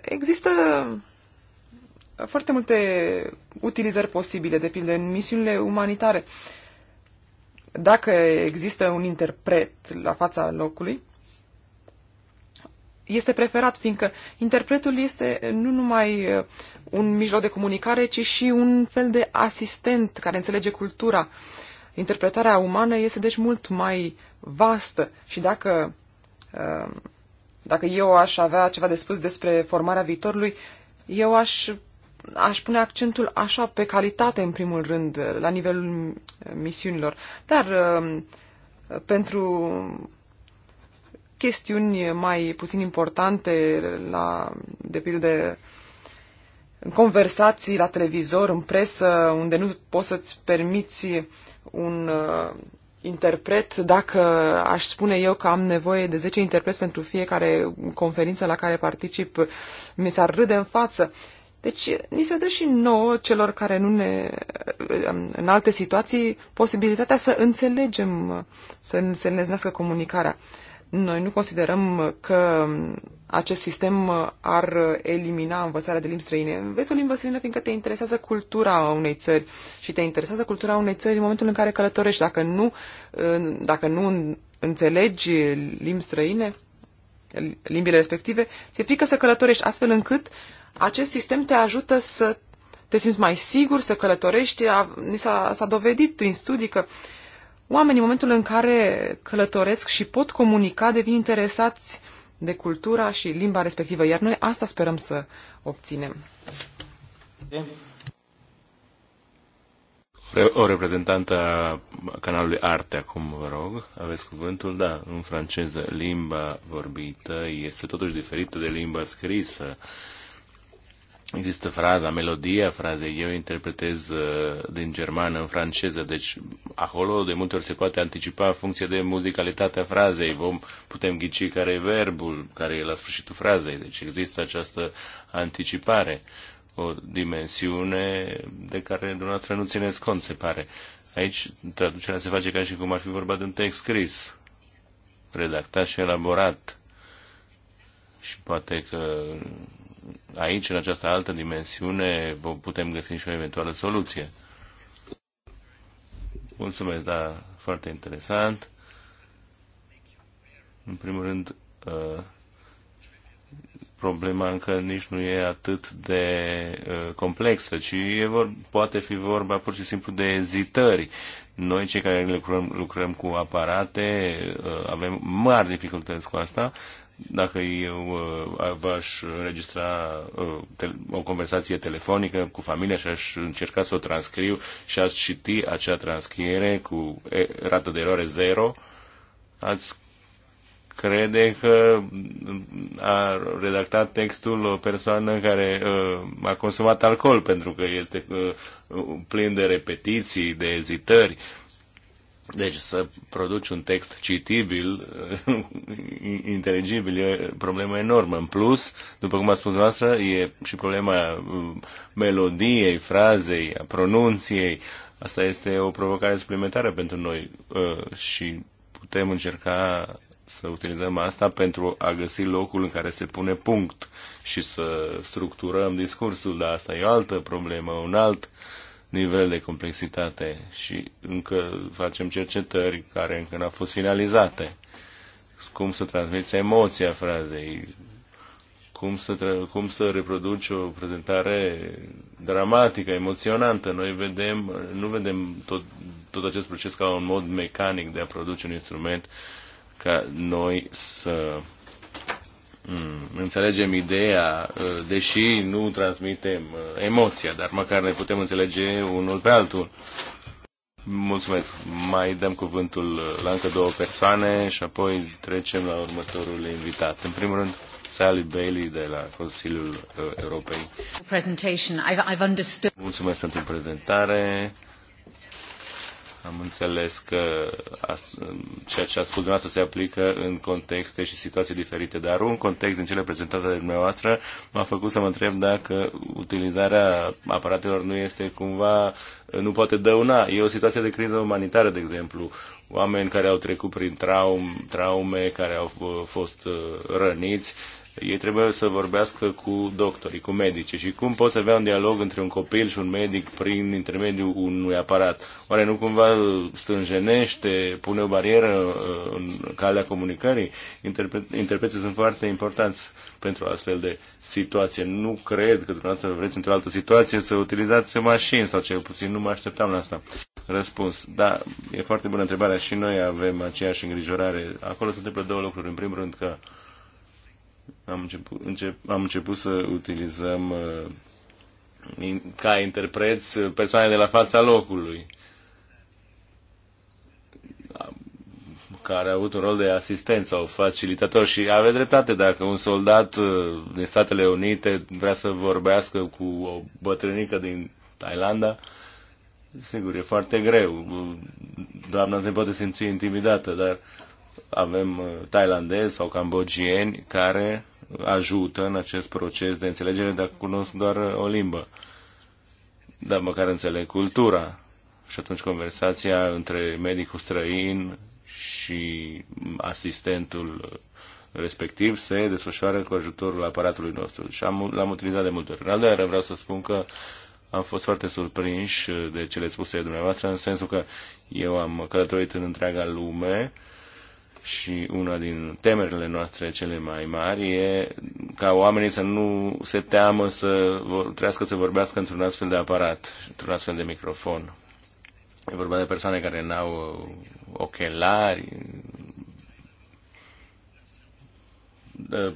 Există foarte multe utilizări posibile, de pildă în misiunile umanitare. Dacă există un interpret la fața locului, este preferat, fiindcă interpretul este nu numai uh, un mijloc de comunicare, ci și un fel de asistent care înțelege cultura. Interpretarea umană este deci mult mai vastă și dacă, uh, dacă eu aș avea ceva de spus despre formarea viitorului, eu aș, aș pune accentul așa pe calitate în primul rând, la nivelul uh, misiunilor. Dar pentru chestiuni mai puțin importante, la, de pildă în conversații la televizor, în presă, unde nu poți să-ți permiți un uh, interpret, dacă aș spune eu că am nevoie de 10 interpreți pentru fiecare conferință la care particip, mi s-ar râde în față. Deci ni se dă și nouă, celor care nu ne... Uh, în alte situații, posibilitatea să înțelegem, să, să ne comunicarea. Uh, noi nu considerăm că acest sistem ar elimina învățarea de limbi străine. Înveți o limbă străină fiindcă te interesează cultura unei țări și te interesează cultura unei țări în momentul în care călătorești. Dacă nu, dacă nu înțelegi limbi străine, limbile respective, ți-e frică să călătorești astfel încât acest sistem te ajută să te simți mai sigur, să călătorești. A, s-a, dovedit prin studii că uh, Oamenii, în momentul în care călătoresc și pot comunica, devin interesați de cultura și limba respectivă, iar noi asta sperăm să obținem. O reprezentantă a canalului Arte, acum vă rog, aveți cuvântul, da, în franceză, limba vorbită este totuși diferită de limba scrisă. Uh, Există fraza, melodia frazei, eu interpretez uh, din germană în franceză, deci acolo de multe ori se poate anticipa în funcție de muzicalitatea frazei, vom putem ghici care e verbul, care e la sfârșitul frazei, deci există această anticipare, o dimensiune de care dumneavoastră nu țineți cont, se pare. Aici traducerea se face ca și cum ar fi vorba de un text scris, redactat și elaborat și poate că aici, în această altă dimensiune, putem găsi și o eventuală soluție. Mulțumesc, da, foarte interesant. În primul rând, uh, problema încă nici nu e atât de uh, complexă, ci e vor, poate fi vorba pur și simplu de ezitări. Noi, cei care lucrăm, lucrăm cu aparate, uh, avem mari dificultăți cu asta, dacă eu uh, v-aș înregistra uh, o conversație telefonică cu familia și aș încerca să o transcriu și aș citi acea transcriere cu rată de eroare zero, ați crede că a redactat textul o persoană care uh, a consumat alcool pentru că este plin de repetiții, de ezitări. Deci să produci un text citibil, inteligibil, e o problemă enormă. În plus, după cum a spus noastră, e și problema uh, melodiei, frazei, a pronunției. Asta este o provocare suplimentară pentru noi uh, și putem încerca să utilizăm asta pentru a găsi locul în care se pune punct și să structurăm discursul, dar asta e o altă problemă, un alt uh, nivel de complexitate și încă facem cercetări care încă n-au fost finalizate. Cum să transmiți emoția frazei, cum să, cum să reproduci o prezentare dramatică, emoționantă. Noi vedem, nu vedem tot, tot acest proces ca un mod mecanic de a produce un instrument ca noi să Mm, înțelegem ideea, uh, deși nu transmitem uh, emoția, dar măcar ne putem înțelege unul pe altul. Mulțumesc. Mai dăm cuvântul uh, la încă două persoane și apoi trecem la următorul invitat. În primul rând, Sally Bailey de la Consiliul Europei. Mulțumesc pentru prezentare. Am înțeles că ceea ce a spus dumneavoastră se aplică în contexte și situații diferite, dar un context din cele prezentate de dumneavoastră m-a făcut să mă întreb dacă utilizarea aparatelor nu este cumva, nu poate dăuna. E o situație de criză umanitară, de exemplu, oameni care au trecut prin traum, traume, care au fost uh, răniți, ei trebuie să vorbească cu doctorii, cu medici și cum poți avea un dialog între un copil și un medic prin intermediul unui aparat. Oare nu cumva stânjenește, pune o barieră uh, în calea comunicării? Interpre- interpreții sunt foarte importanți pentru astfel de situație. Nu cred că dumneavoastră vreți într-o altă situație să utilizați mașini sau cel puțin nu mă așteptam la asta. Răspuns. Da, e foarte bună întrebarea și noi avem aceeași îngrijorare. Acolo se întâmplă două lucruri. În primul rând că uh, am început, încep, am început să utilizăm uh, in, ca interpreți uh, persoane de la fața locului uh, care au avut un rol de asistență sau facilitator și aveți dreptate dacă un soldat uh, din Statele Unite vrea să vorbească cu o bătrânică din Thailanda, sigur, e foarte greu. Doamna se poate simți intimidată, dar uh, avem uh, tailandezi sau cambogieni care ajută în acest proces de înțelegere, dar cunosc doar uh, o limbă. Dar măcar înțeleg cultura. Și atunci conversația între medicul străin și asistentul uh, respectiv se desfășoară cu ajutorul aparatului nostru. Și am, l-am utilizat de multe ori. În al doilea vreau să spun că am fost foarte surprinși de cele spuse de dumneavoastră, în sensul că eu am călătorit în întreaga lume, uh, și una din temerile noastre cele mai mari e ca oamenii să nu se teamă să trească să vorbească într-un astfel de aparat, într-un astfel de microfon. E vorba de persoane care n-au uh, ochelari,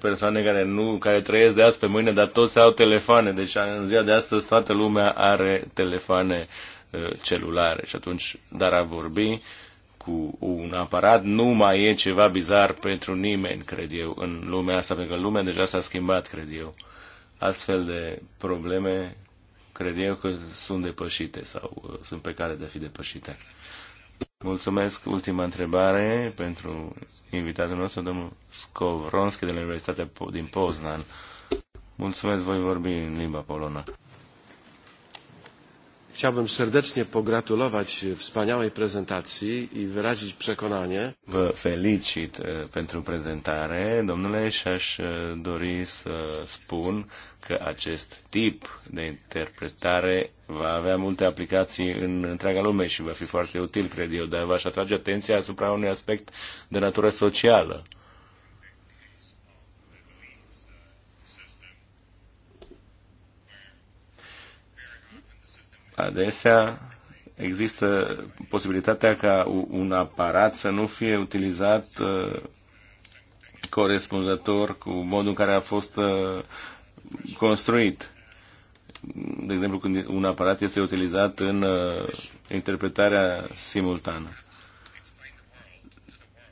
persoane care nu, care trăiesc de azi pe mâine, dar toți au telefoane. Deci în ziua de astăzi toată lumea are telefoane uh, celulare și atunci, dar a vorbi cu un aparat nu mai e ceva bizar pentru nimeni, cred eu, în lumea asta, pentru că lumea deja s-a schimbat, cred eu. Astfel de probleme, cred eu că sunt depășite sau uh, sunt pe care de a fi depășite. Mulțumesc. Ultima întrebare pentru invitatul nostru, domnul Skovronski de la Universitatea din Poznan. Mulțumesc, voi vorbi în limba polonă. Chciałbym serdecznie pogratulować wspaniałej prezentacji i wyrazić przekonanie. Vă felicit pentru prezentare, domnule, și aș dori să spun că acest tip de interpretare va avea multe aplicații în întreaga lume și va fi foarte util, cred eu, dar v-aș atrage atenția asupra unui aspect de natură socială adesea există posibilitatea ca un aparat să nu fie utilizat uh, corespunzător cu modul în care a fost uh, construit. De exemplu, când un aparat este utilizat în uh, interpretarea simultană.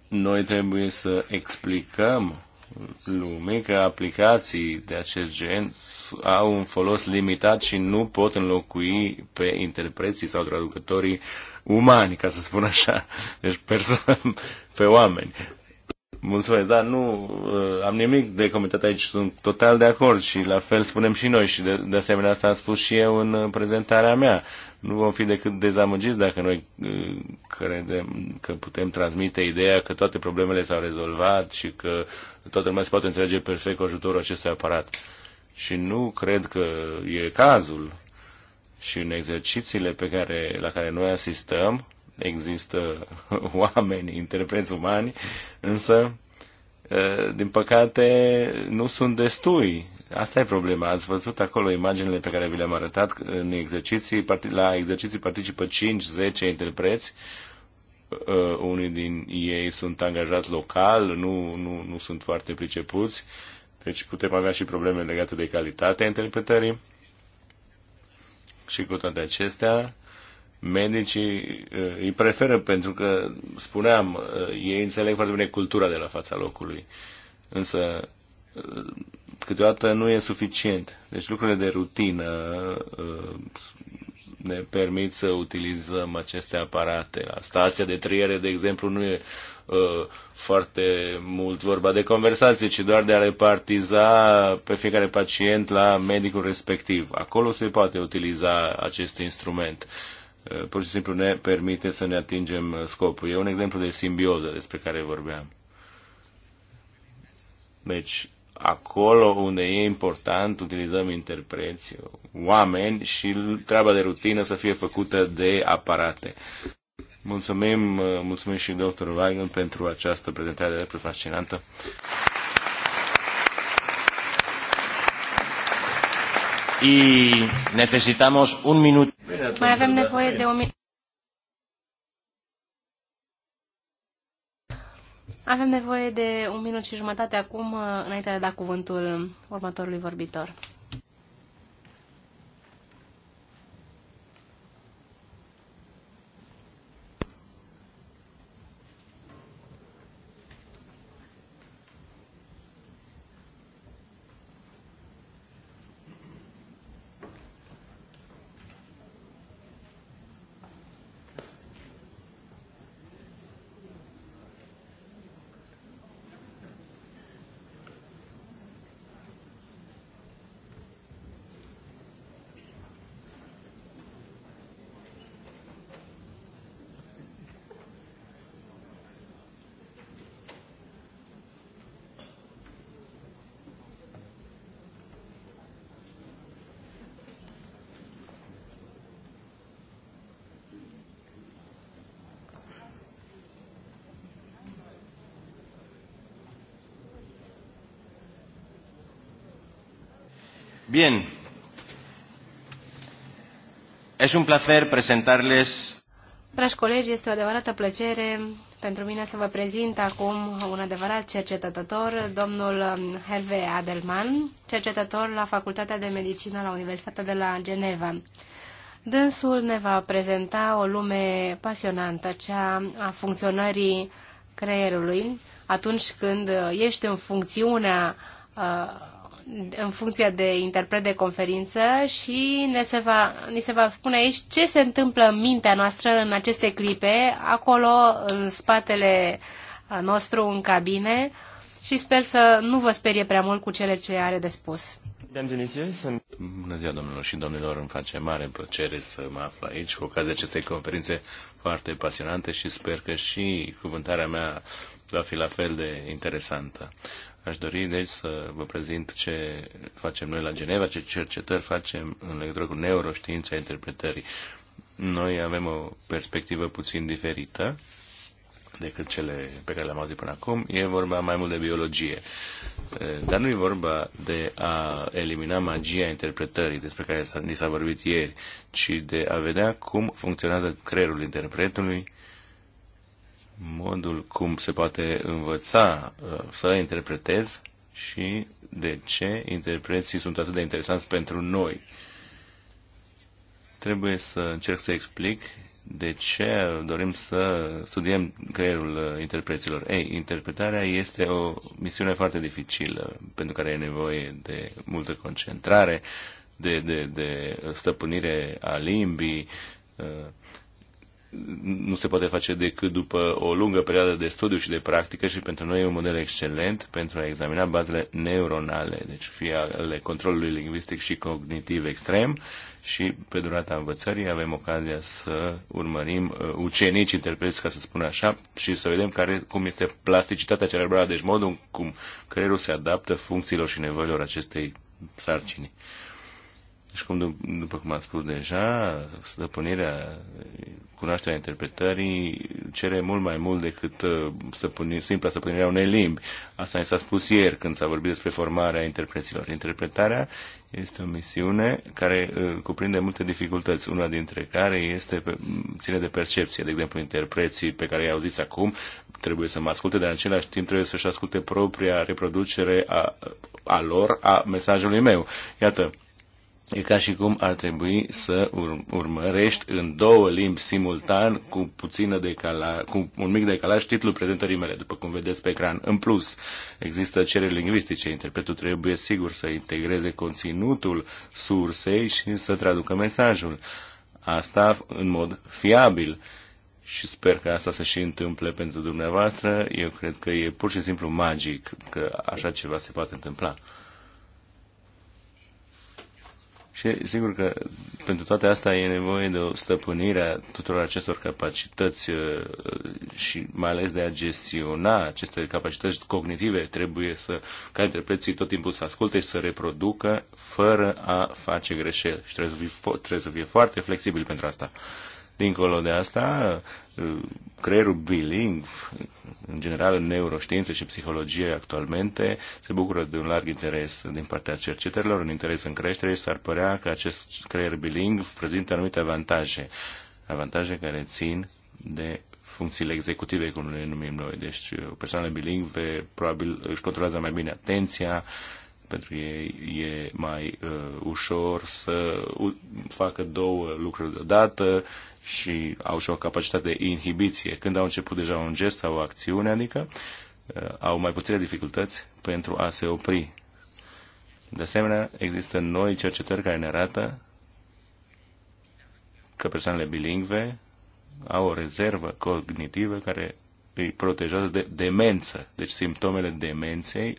Noi trebuie să explicăm lumii că aplicații de acest gen au un folos limitat și nu pot înlocui pe interpreții sau traducătorii umani, ca să spun așa, deci persoane, pe oameni. Mulțumesc, dar nu uh, am nimic de comentat aici, sunt total de acord și la fel spunem și noi și de, de asemenea asta am spus și eu în uh, prezentarea mea. Nu vom fi decât dezamăgiți dacă noi uh, credem că putem transmite ideea că toate problemele s-au rezolvat și că toată lumea se poate înțelege perfect cu ajutorul acestui aparat și nu cred că e cazul și în exercițiile pe care, la care noi asistăm există oameni, interpreți umani, însă din păcate nu sunt destui. Asta e problema. Ați văzut acolo imaginile pe care vi le-am arătat în exerciții, la exerciții participă 5-10 interpreți Uh, unii din ei sunt angajați local, nu, nu, nu sunt foarte pricepuți deci putem avea și probleme legate de calitatea interpretării. Și cu toate acestea, medicii uh, îi preferă pentru că, spuneam, uh, ei înțeleg foarte bine cultura de la fața locului. Însă, uh, câteodată nu e suficient. Deci lucrurile de rutină ne permit să utilizăm aceste aparate. La stația de triere, de exemplu, nu e uh, foarte mult vorba de conversație, ci doar de a repartiza pe fiecare pacient la medicul respectiv. Acolo se poate utiliza acest instrument. Uh, pur și simplu ne permite să ne atingem scopul. E un exemplu de simbioză despre care vorbeam. Deci, acolo unde e important utilizăm interpreți, oameni și treaba de rutină să fie făcută de aparate. Mulțumim, mulțumim și dr. Wagen pentru această prezentare de fascinantă. Y necesitamos un minut. Mai avem nevoie de un minut. Avem nevoie de un minut și jumătate acum, uh, înainte de a da cuvântul următorului vorbitor. Bien. Es un placer presentarles. Dragi colegi, este o adevărată plăcere pentru mine să vă prezint acum un adevărat cercetător, domnul Herve Adelman, cercetător la Facultatea de Medicină la Universitatea de la Geneva. Dânsul ne va prezenta o lume pasionantă, cea a funcționării creierului, atunci când ești în funcțiunea uh, în funcție de interpret de conferință și ne se va, ni se va spune aici ce se întâmplă în mintea noastră în aceste clipe, acolo în spatele nostru, în cabine și sper să nu vă sperie prea mult cu cele ce are de spus. Bună ziua, domnilor și domnilor, îmi face mare plăcere să mă aflu aici cu ocazia acestei conferințe foarte pasionante și sper că și cuvântarea mea va fi la fel de interesantă. Aș dori, deci, să vă prezint ce facem noi la Geneva, ce cercetări facem în legătură cu neuroștiința interpretării. Noi avem o perspectivă puțin diferită decât cele pe care le-am auzit până acum. E vorba mai mult de biologie. Dar nu e vorba de a elimina magia interpretării despre care ni s-a vorbit ieri, ci de a vedea cum funcționează creierul interpretului, modul cum se poate învăța uh, să interpretez și de ce interpreții sunt atât de interesanți pentru noi. Trebuie să încerc să explic de ce dorim să studiem creierul uh, interpreților. Ei, interpretarea este o misiune foarte dificilă, pentru care e nevoie de multă concentrare, de, de, de stăpânire a limbii, uh, nu se poate face decât după o lungă perioadă de studiu și de practică și pentru noi e un model excelent pentru a examina bazele neuronale, deci fie ale controlului lingvistic și cognitiv extrem și pe durata învățării avem ocazia să urmărim uh, ucenici, interpreți, ca să spun așa, și să vedem care, cum este plasticitatea cerebrală, deci modul cum creierul se adaptă funcțiilor și nevoilor acestei sarcini. Deci, cum, după cum am spus deja, stăpânirea, cunoașterea interpretării cere mult mai mult decât uh, stăpâni, simpla stăpânirea unei limbi. Asta s-a spus ieri când s-a vorbit despre formarea interpreților. Interpretarea este o misiune care uh, cuprinde multe dificultăți, una dintre care este ține de percepție. De exemplu, interpreții pe care i auziți acum trebuie să mă asculte, dar în același timp trebuie să-și asculte propria reproducere a, a lor, a mesajului meu. Iată, E ca și cum ar trebui să urmărești în două limbi simultan cu puțină decala, cu un mic decalaj titlul prezentării mele, după cum vedeți pe ecran. În plus, există cereri lingvistice. Interpretul trebuie sigur să integreze conținutul sursei și să traducă mesajul. Asta în mod fiabil. Și sper că asta să și întâmple pentru dumneavoastră. Eu cred că e pur și simplu magic că așa ceva se poate întâmpla. Și sigur că pentru toate astea e nevoie de o stăpânire a tuturor acestor capacități uh, și mai ales de a gestiona aceste capacități cognitive. Trebuie să, ca interpreții, tot timpul să asculte și să reproducă fără a face greșeli. Și trebuie să fie, trebuie să fie foarte flexibil pentru asta. Dincolo de asta, uh, creierul bilingv, în general în neuroștiințe și psihologie actualmente se bucură de un larg interes din partea cercetărilor, un interes în creștere și s-ar părea că acest creier biling prezintă anumite avantaje, avantaje care țin de funcțiile executive, cum le numim noi. Deci persoanele bilingve probabil își controlează mai bine atenția, uh, pentru ei e mai uh, ușor să facă două lucruri deodată și au și o capacitate de inhibiție. Când au început deja un gest sau o acțiune, adică, uh, au mai puține dificultăți pentru a se opri. De asemenea, există noi cercetări care ne arată că persoanele bilingve au o rezervă cognitivă care îi protejează de demență. Deci simptomele demenței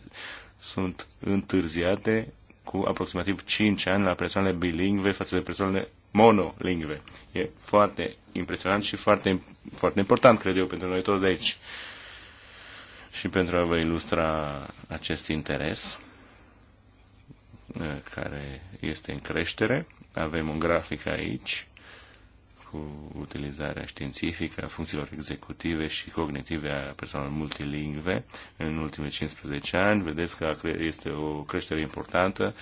sunt întârziate cu aproximativ 5 ani la persoanele bilingve față de persoanele monolingve. E foarte impresionant și foarte, foarte important, cred eu, pentru noi toți de aici. Și pentru a vă ilustra acest interes eh, care este în creștere, avem un grafic aici cu utilizarea științifică a funcțiilor executive și cognitive a persoanelor multilingve în ultimele 15 ani. Vedeți că este o creștere importantă.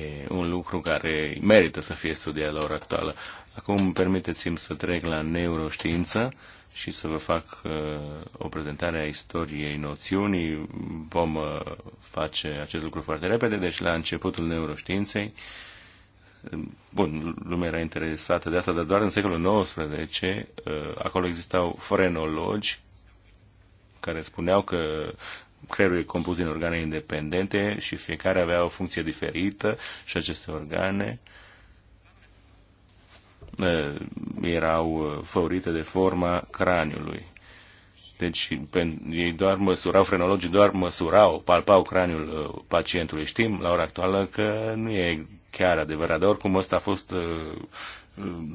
E un lucru care merită să fie studiat la ora actuală. Acum permiteți-mi să trec la neuroștiință și să vă fac uh, o prezentare a istoriei noțiunii. Vom uh, face acest lucru foarte repede, deci la începutul neuroștiinței uh, Bun, lumea era interesată de asta, dar doar în secolul XIX uh, acolo existau frenologi care spuneau că creierul e compus din organe independente și fiecare avea o funcție diferită și aceste organe uh, erau uh, făurite de forma craniului. Deci ei doar măsurau, frenologii doar măsurau, palpau craniul pacientului. Știm la ora actuală că nu e chiar adevărat, dar oricum ăsta a fost uh,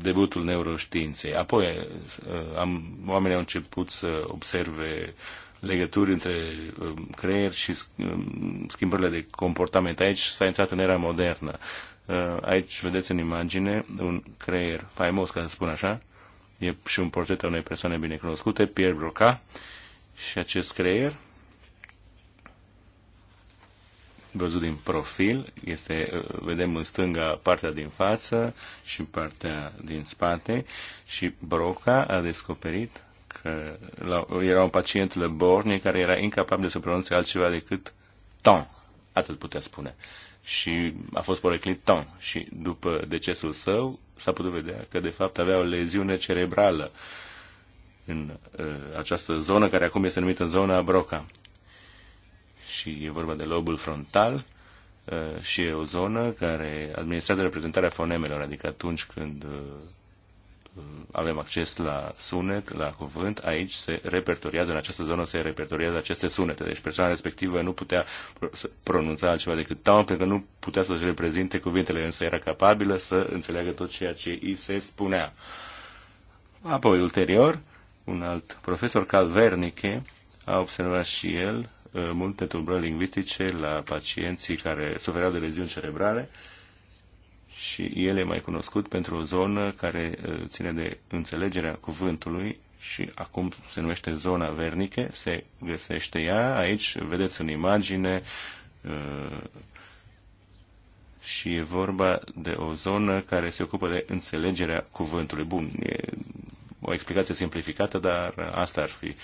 debutul neuroștiinței. Apoi uh, am, oamenii au început să observe legături între um, creier și um, schimbările de comportament. Aici s-a intrat în era modernă. Uh, aici vedeți în imagine un creier faimos, ca să spun așa, e și un portret al unei persoane binecunoscute, Pierre Broca, și acest creier văzut din profil, este, vedem în stânga partea din față și partea din spate și Broca a descoperit că era un pacient Borne care era incapabil să pronunțe altceva decât ton, atât putea spune. Și a fost poreclit ton și după decesul său s-a putut vedea că de fapt avea o leziune cerebrală în uh, această zonă care acum este numită zona Broca și e vorba de lobul frontal uh, și e o zonă care administrează reprezentarea fonemelor, adică atunci când uh, uh, avem acces la sunet, la cuvânt, aici se repertoriază, în această zonă se repertoriază aceste sunete. Deci persoana respectivă nu putea pronunța altceva decât taun, pentru că nu putea să-și reprezinte cuvintele, însă era capabilă să înțeleagă tot ceea ce îi se spunea. Apoi, ulterior, un alt profesor, Calvernike, a observat și el uh, multe tulburări lingvistice la pacienții care suferau de leziuni cerebrale și el e mai cunoscut pentru o zonă care uh, ține de înțelegerea cuvântului și acum se numește zona vernică, se găsește ea, aici vedeți în imagine uh, și e vorba de o zonă care se ocupă de înțelegerea cuvântului. Bun, e o explicație simplificată, dar asta ar fi.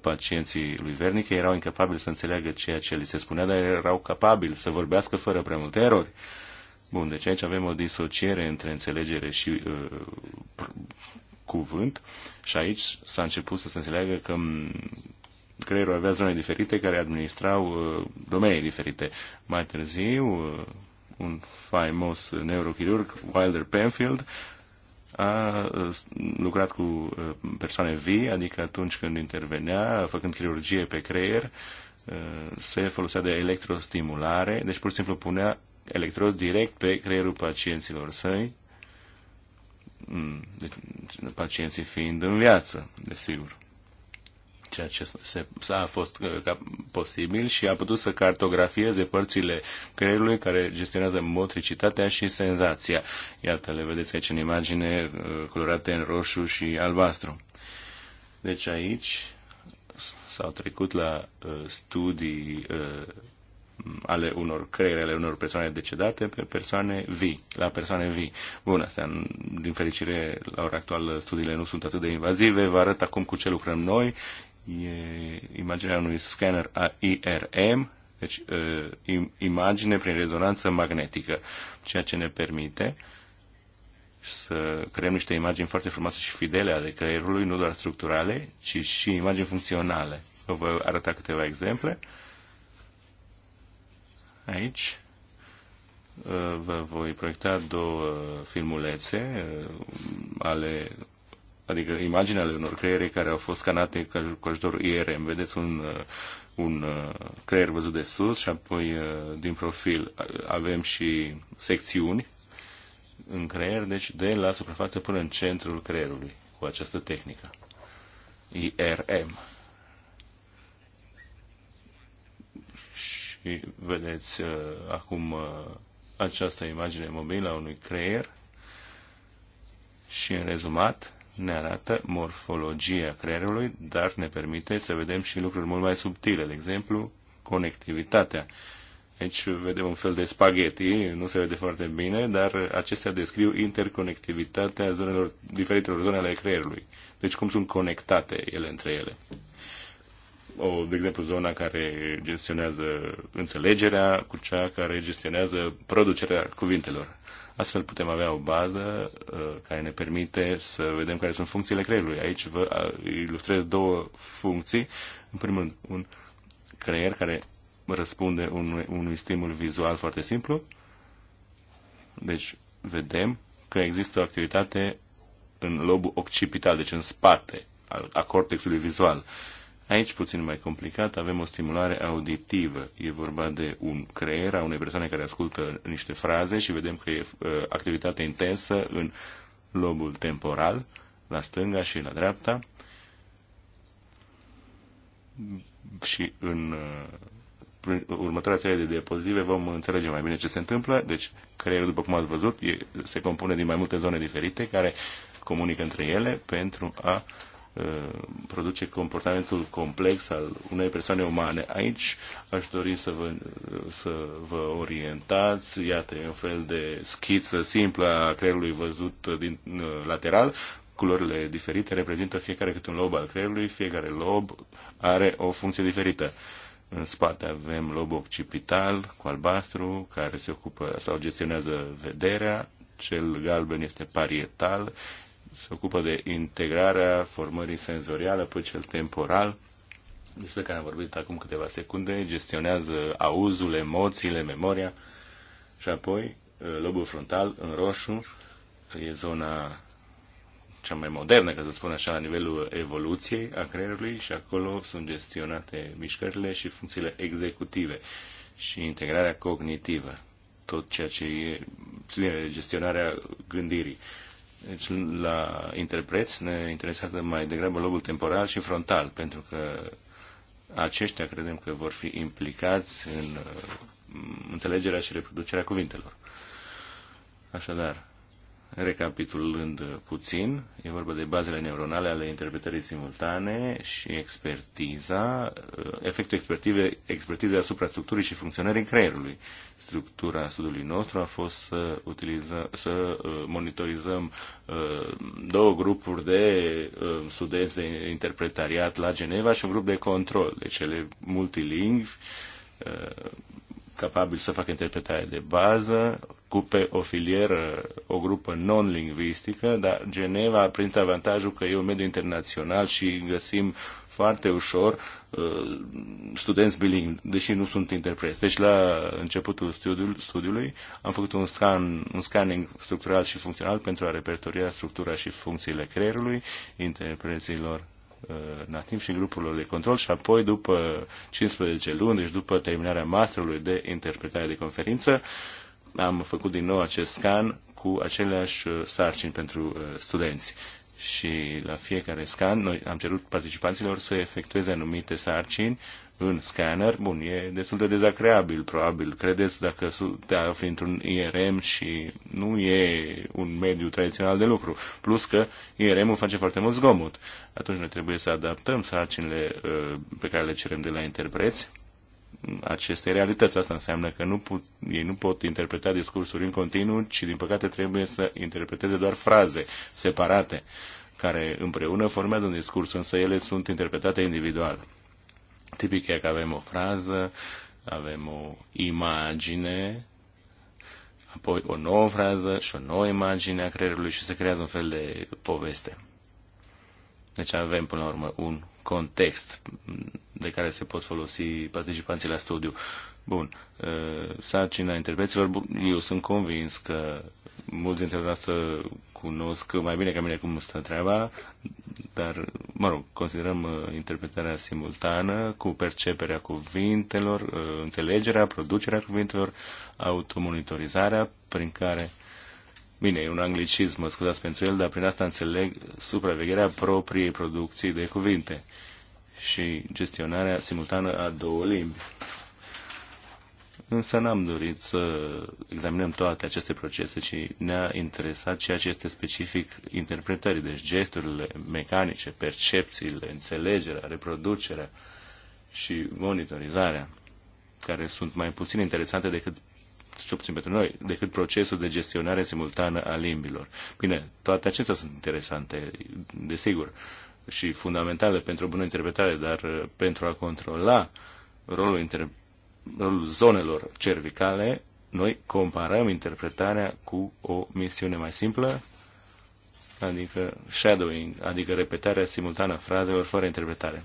Pacienții lui Vernică erau incapabili să înțeleagă ceea ce li se spunea, dar erau capabili să vorbească fără prea multe erori. Bun, deci aici avem o disociere între înțelegere și uh, cuvânt și aici s-a început să se înțeleagă că creierul avea zone diferite care administrau uh, domenii diferite. Mai târziu, uh, un faimos neurochirurg, Wilder Penfield, a lucrat cu persoane vii, adică atunci când intervenea, făcând chirurgie pe creier, se folosea de electrostimulare, deci pur și simplu punea electrod direct pe creierul pacienților săi, mm, deci, pacienții fiind în viață, desigur ceea ce s-a fost uh, ca, posibil și a putut să cartografieze părțile creierului care gestionează motricitatea și senzația. Iată, le vedeți aici în imagine uh, colorate în roșu și albastru. Deci aici s-au trecut la uh, studii uh, ale unor creiere, ale unor persoane decedate pe persoane vii, la persoane vii. Bun, astea, din fericire, la ora actuală, studiile nu sunt atât de invazive. Vă arăt acum cu ce lucrăm noi je imaginarni skener scanner IRM, deci imagine prin rezonanță magnetică, ceea ce ne permite să creăm niște imagini foarte frumoase și fidele ale creierului, nu doar structurale, ci și imagini funcționale. Vă voi arăta câteva exemple. Aici vă voi proiecta două filmulețe ale adică imaginele ale unor creiere care au fost scanate ca, cu ajutorul IRM. Vedeți un, uh, un uh, creier văzut de sus și apoi uh, din profil avem și secțiuni în creier, deci de la suprafață până în centrul creierului cu această tehnică. IRM. Și vedeți uh, acum uh, această imagine mobilă a unui creier și în rezumat ne arată morfologia creierului, dar ne permite să vedem și lucruri mult mai subtile, de exemplu, conectivitatea. Aici vedem un fel de spaghetti, nu se vede foarte bine, dar acestea descriu interconectivitatea zonelor, diferitelor zone ale creierului. Deci cum sunt conectate ele între ele o, de exemplu, zona care gestionează înțelegerea cu cea care gestionează producerea cuvintelor. Astfel putem avea o bază uh, care ne permite să vedem care sunt funcțiile creierului. Aici vă ilustrez două funcții. În primul rând, un creier care răspunde unui, unui stimul vizual foarte simplu. Deci vedem că există o activitate în lobul occipital, deci în spate, al, a cortexului vizual. Uh, Aici, puțin mai complicat, avem o stimulare auditivă. E vorba de un creier a unei persoane care ascultă niște fraze și vedem că e uh, activitate intensă în lobul temporal, la stânga și la dreapta. Și în uh, următoarea serie de diapozitive vom înțelege mai bine ce se întâmplă. Deci, creierul, după cum ați văzut, e, se compune din mai multe zone diferite care comunică între ele pentru a uh, Uh, produce comportamentul complex al unei persoane umane. Aici aș dori să vă, să vă orientați, iată, e un fel de schiță simplă a creierului văzut din uh, lateral, culorile diferite reprezintă fiecare câte un lob al creierului, fiecare lob are o funcție diferită. În spate avem lobul occipital cu albastru, care se ocupă sau gestionează vederea, cel galben este parietal, se ocupă de integrarea formării senzoriale, apoi cel temporal, despre care am vorbit acum câteva secunde, gestionează auzul, emoțiile, memoria și apoi uh, lobul frontal în roșu e zona cea mai modernă, ca să spun așa, la nivelul evoluției a creierului și acolo sunt gestionate mișcările și funcțiile executive și integrarea cognitivă, tot ceea ce e ține de gestionarea gândirii. Deci la interpreți ne interesează mai degrabă lobul temporal și frontal, pentru că aceștia credem că vor fi implicați în uh, înțelegerea și reproducerea cuvintelor. Așadar, Recapitulând puțin, e vorba de bazele neuronale ale interpretării simultane și expertiza, efectul expertive, expertize asupra structurii și funcționării creierului. Structura studiului nostru a fost să, utiliză, să uh, monitorizăm uh, două grupuri de uh, studenți de interpretariat la Geneva și un grup de control, de deci cele multilingvi, capabil să facă interpretare de bază, cu pe o filieră, o grupă non-lingvistică, dar Geneva a prins avantajul că e un mediu internațional și găsim foarte ușor uh, studenți bilingvi, deși nu sunt interpreți. Deci la începutul studiul, studiului am făcut un, scan, un scanning structural și funcțional pentru a repertoria structura și funcțiile creierului interpreților uh, nativ și grupurilor de control și apoi după 15 luni, deci după terminarea masterului de interpretare de conferință, uh, am făcut din nou acest scan cu aceleași uh, sarcini pentru uh, studenți. Și la fiecare scan noi am cerut participanților să efectueze anumite sarcini în scanner, bun, e destul de dezacreabil, probabil. Credeți dacă te afli într-un IRM și nu e un mediu tradițional de lucru. Plus că IRM-ul face foarte mult zgomot. Atunci noi trebuie să adaptăm sarcinile uh, pe care le cerem de la interpreți acestei realități. Asta înseamnă că nu put, ei nu pot interpreta discursuri în continuu, ci din păcate trebuie să interpreteze doar fraze separate, care împreună formează un discurs, însă ele sunt interpretate individual. Tipic e că avem o frază, avem o imagine, apoi o nouă frază și o nouă imagine a creierului și se creează un fel de poveste. Deci avem până la urmă un context de care se pot folosi participanții la studiu. Bun, uh, sarcina interpreților, eu sunt convins că mulți dintre noastre cunosc mai bine ca mine cum stă treaba, dar, mă rog, considerăm uh, interpretarea simultană cu perceperea cuvintelor, uh, înțelegerea, producerea cuvintelor, automonitorizarea prin care Bine, e un anglicism, mă scuzați pentru el, dar prin asta înțeleg supravegherea propriei producții de cuvinte și gestionarea simultană a două limbi. Însă n-am dorit să examinăm toate aceste procese, ci ne-a interesat ceea ce este specific interpretării, deci gesturile mecanice, percepțiile, înțelegerea, reproducerea și monitorizarea, care sunt mai puțin interesante decât puțin pentru noi decât procesul de gestionare simultană a limbilor. Bine, toate acestea sunt interesante, desigur, și fundamentale pentru o bună interpretare, dar uh, pentru a controla rolul, inter- rolul zonelor cervicale, noi comparăm interpretarea cu o misiune mai simplă, adică shadowing, adică repetarea simultană a frazelor fără interpretare.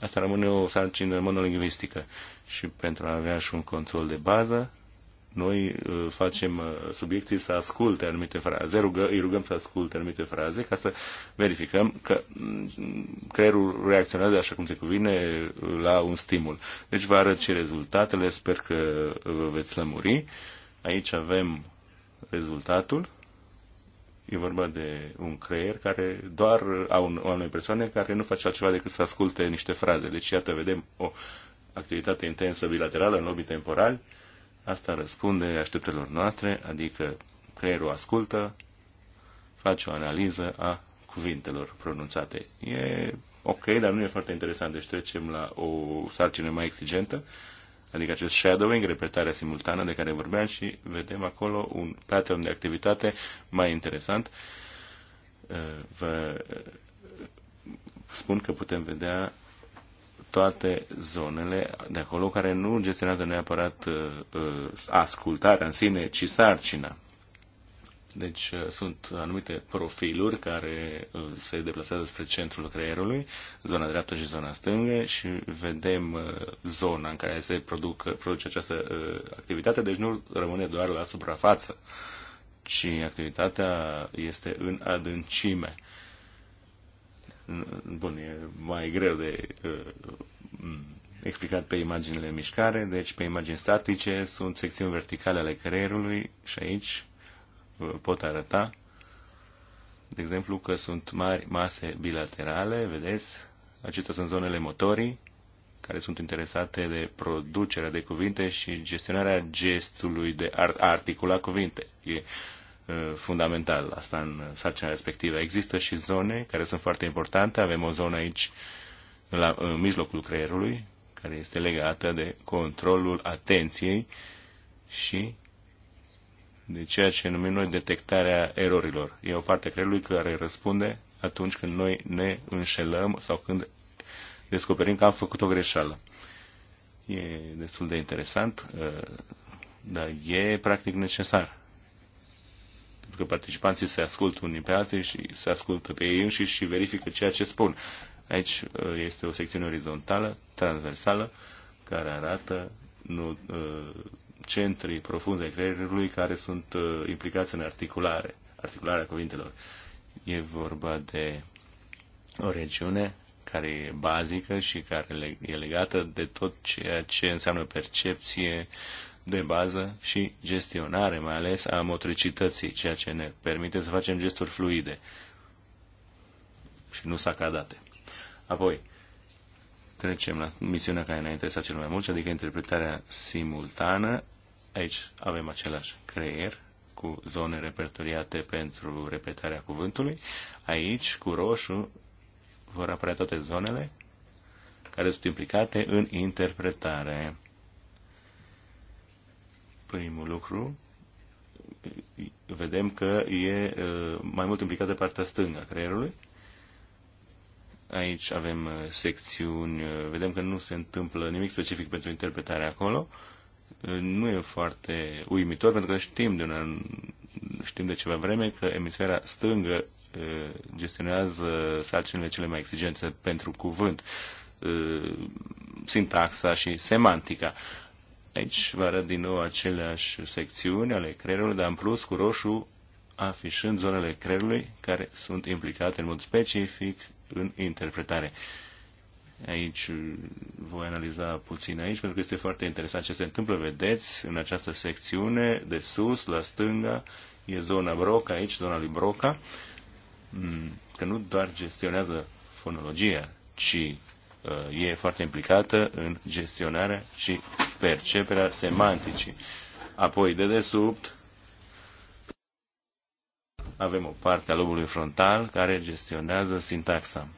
Asta rămâne o sarcină monolingvistică și pentru a avea și un control de bază, noi uh, facem uh, subiecții să asculte anumite fraze, rugă, îi rugăm să asculte anumite fraze ca să verificăm că mm, creierul reacționează așa cum se cuvine uh, la un stimul. Deci vă arăt și rezultatele, sper că vă veți lămuri. Aici avem rezultatul. E vorba de un creier care doar a, un, a unei persoane care nu face altceva decât să asculte niște fraze. Deci, iată, vedem o activitate intensă bilaterală în lobby temporal. Asta răspunde așteptărilor noastre, adică creierul ascultă, face o analiză a cuvintelor pronunțate. E ok, dar nu e foarte interesant, deci trecem la o sarcină mai exigentă, adică acest shadowing, repetarea simultană de care vorbeam și vedem acolo un pattern de activitate mai interesant. Uh, vă spun că putem vedea toate zonele de acolo care nu gestionează neapărat uh, uh, ascultarea în sine, ci sarcina. Deci uh, sunt anumite profiluri care se deplasează spre centrul creierului, zona dreaptă și zona stângă și vedem zona în care se produc, produce această activitate, deci nu rămâne doar la suprafață, ci activitatea este în adâncime. Bun, e mai greu de uh, mm, explicat pe imaginile mișcare, deci pe imagini statice sunt secțiuni verticale ale creierului și aici uh, pot arăta, de exemplu, că sunt mari mase bilaterale, vedeți? Acestea sunt zonele motorii, care sunt interesate de producerea de cuvinte și gestionarea gestului de a articula cuvinte. E Uh, fundamental asta în sarcina respectivă. Există și zone care sunt foarte importante. Avem o zonă aici la, în mijlocul creierului care este legată de controlul atenției și de ceea ce numim noi detectarea erorilor. E o parte a creierului care răspunde atunci când noi ne înșelăm sau când descoperim că am făcut o greșeală. E destul de interesant, uh, dar e practic necesar că participanții se ascultă unii pe alții și se ascultă pe ei înșiși și verifică ceea ce spun. Aici uh, este o secțiune orizontală, transversală, care arată nu, uh, centrii profunde creierului care sunt uh, implicați în articulare, articularea cuvintelor. E vorba de o regiune care e bazică și care e legată de tot ceea ce înseamnă percepție, de bază și gestionare, mai ales a motricității, ceea ce ne permite să facem gesturi fluide și nu sacadate. Apoi, trecem la misiunea care ne-a interesat cel mai mult, adică interpretarea simultană. Aici avem același creier cu zone repertoriate pentru repetarea cuvântului. Aici, cu roșu, vor apărea toate zonele care sunt implicate în interpretare primul lucru, vedem că e mai mult implicată partea stângă a creierului. Aici avem secțiuni, vedem că nu se întâmplă nimic specific pentru interpretare acolo. Nu e foarte uimitor, pentru că știm de, una, știm de ceva vreme că emisfera stângă gestionează sarcinile cele mai exigente pentru cuvânt, sintaxa și semantica. Aici vă arăt din nou aceleași secțiuni ale creierului, dar în plus cu roșu afișând zonele creierului care sunt implicate în mod specific în interpretare. Aici voi analiza puțin aici, pentru că este foarte interesant ce se întâmplă. Vedeți, în această secțiune, de sus, la stânga, e zona Broca, aici, zona lui Broca, mm, că nu doar gestionează fonologia, ci Uh, e foarte implicată în gestionarea și perceperea semanticii. Apoi, de desubt, avem o parte a lobului frontal care gestionează sintaxa.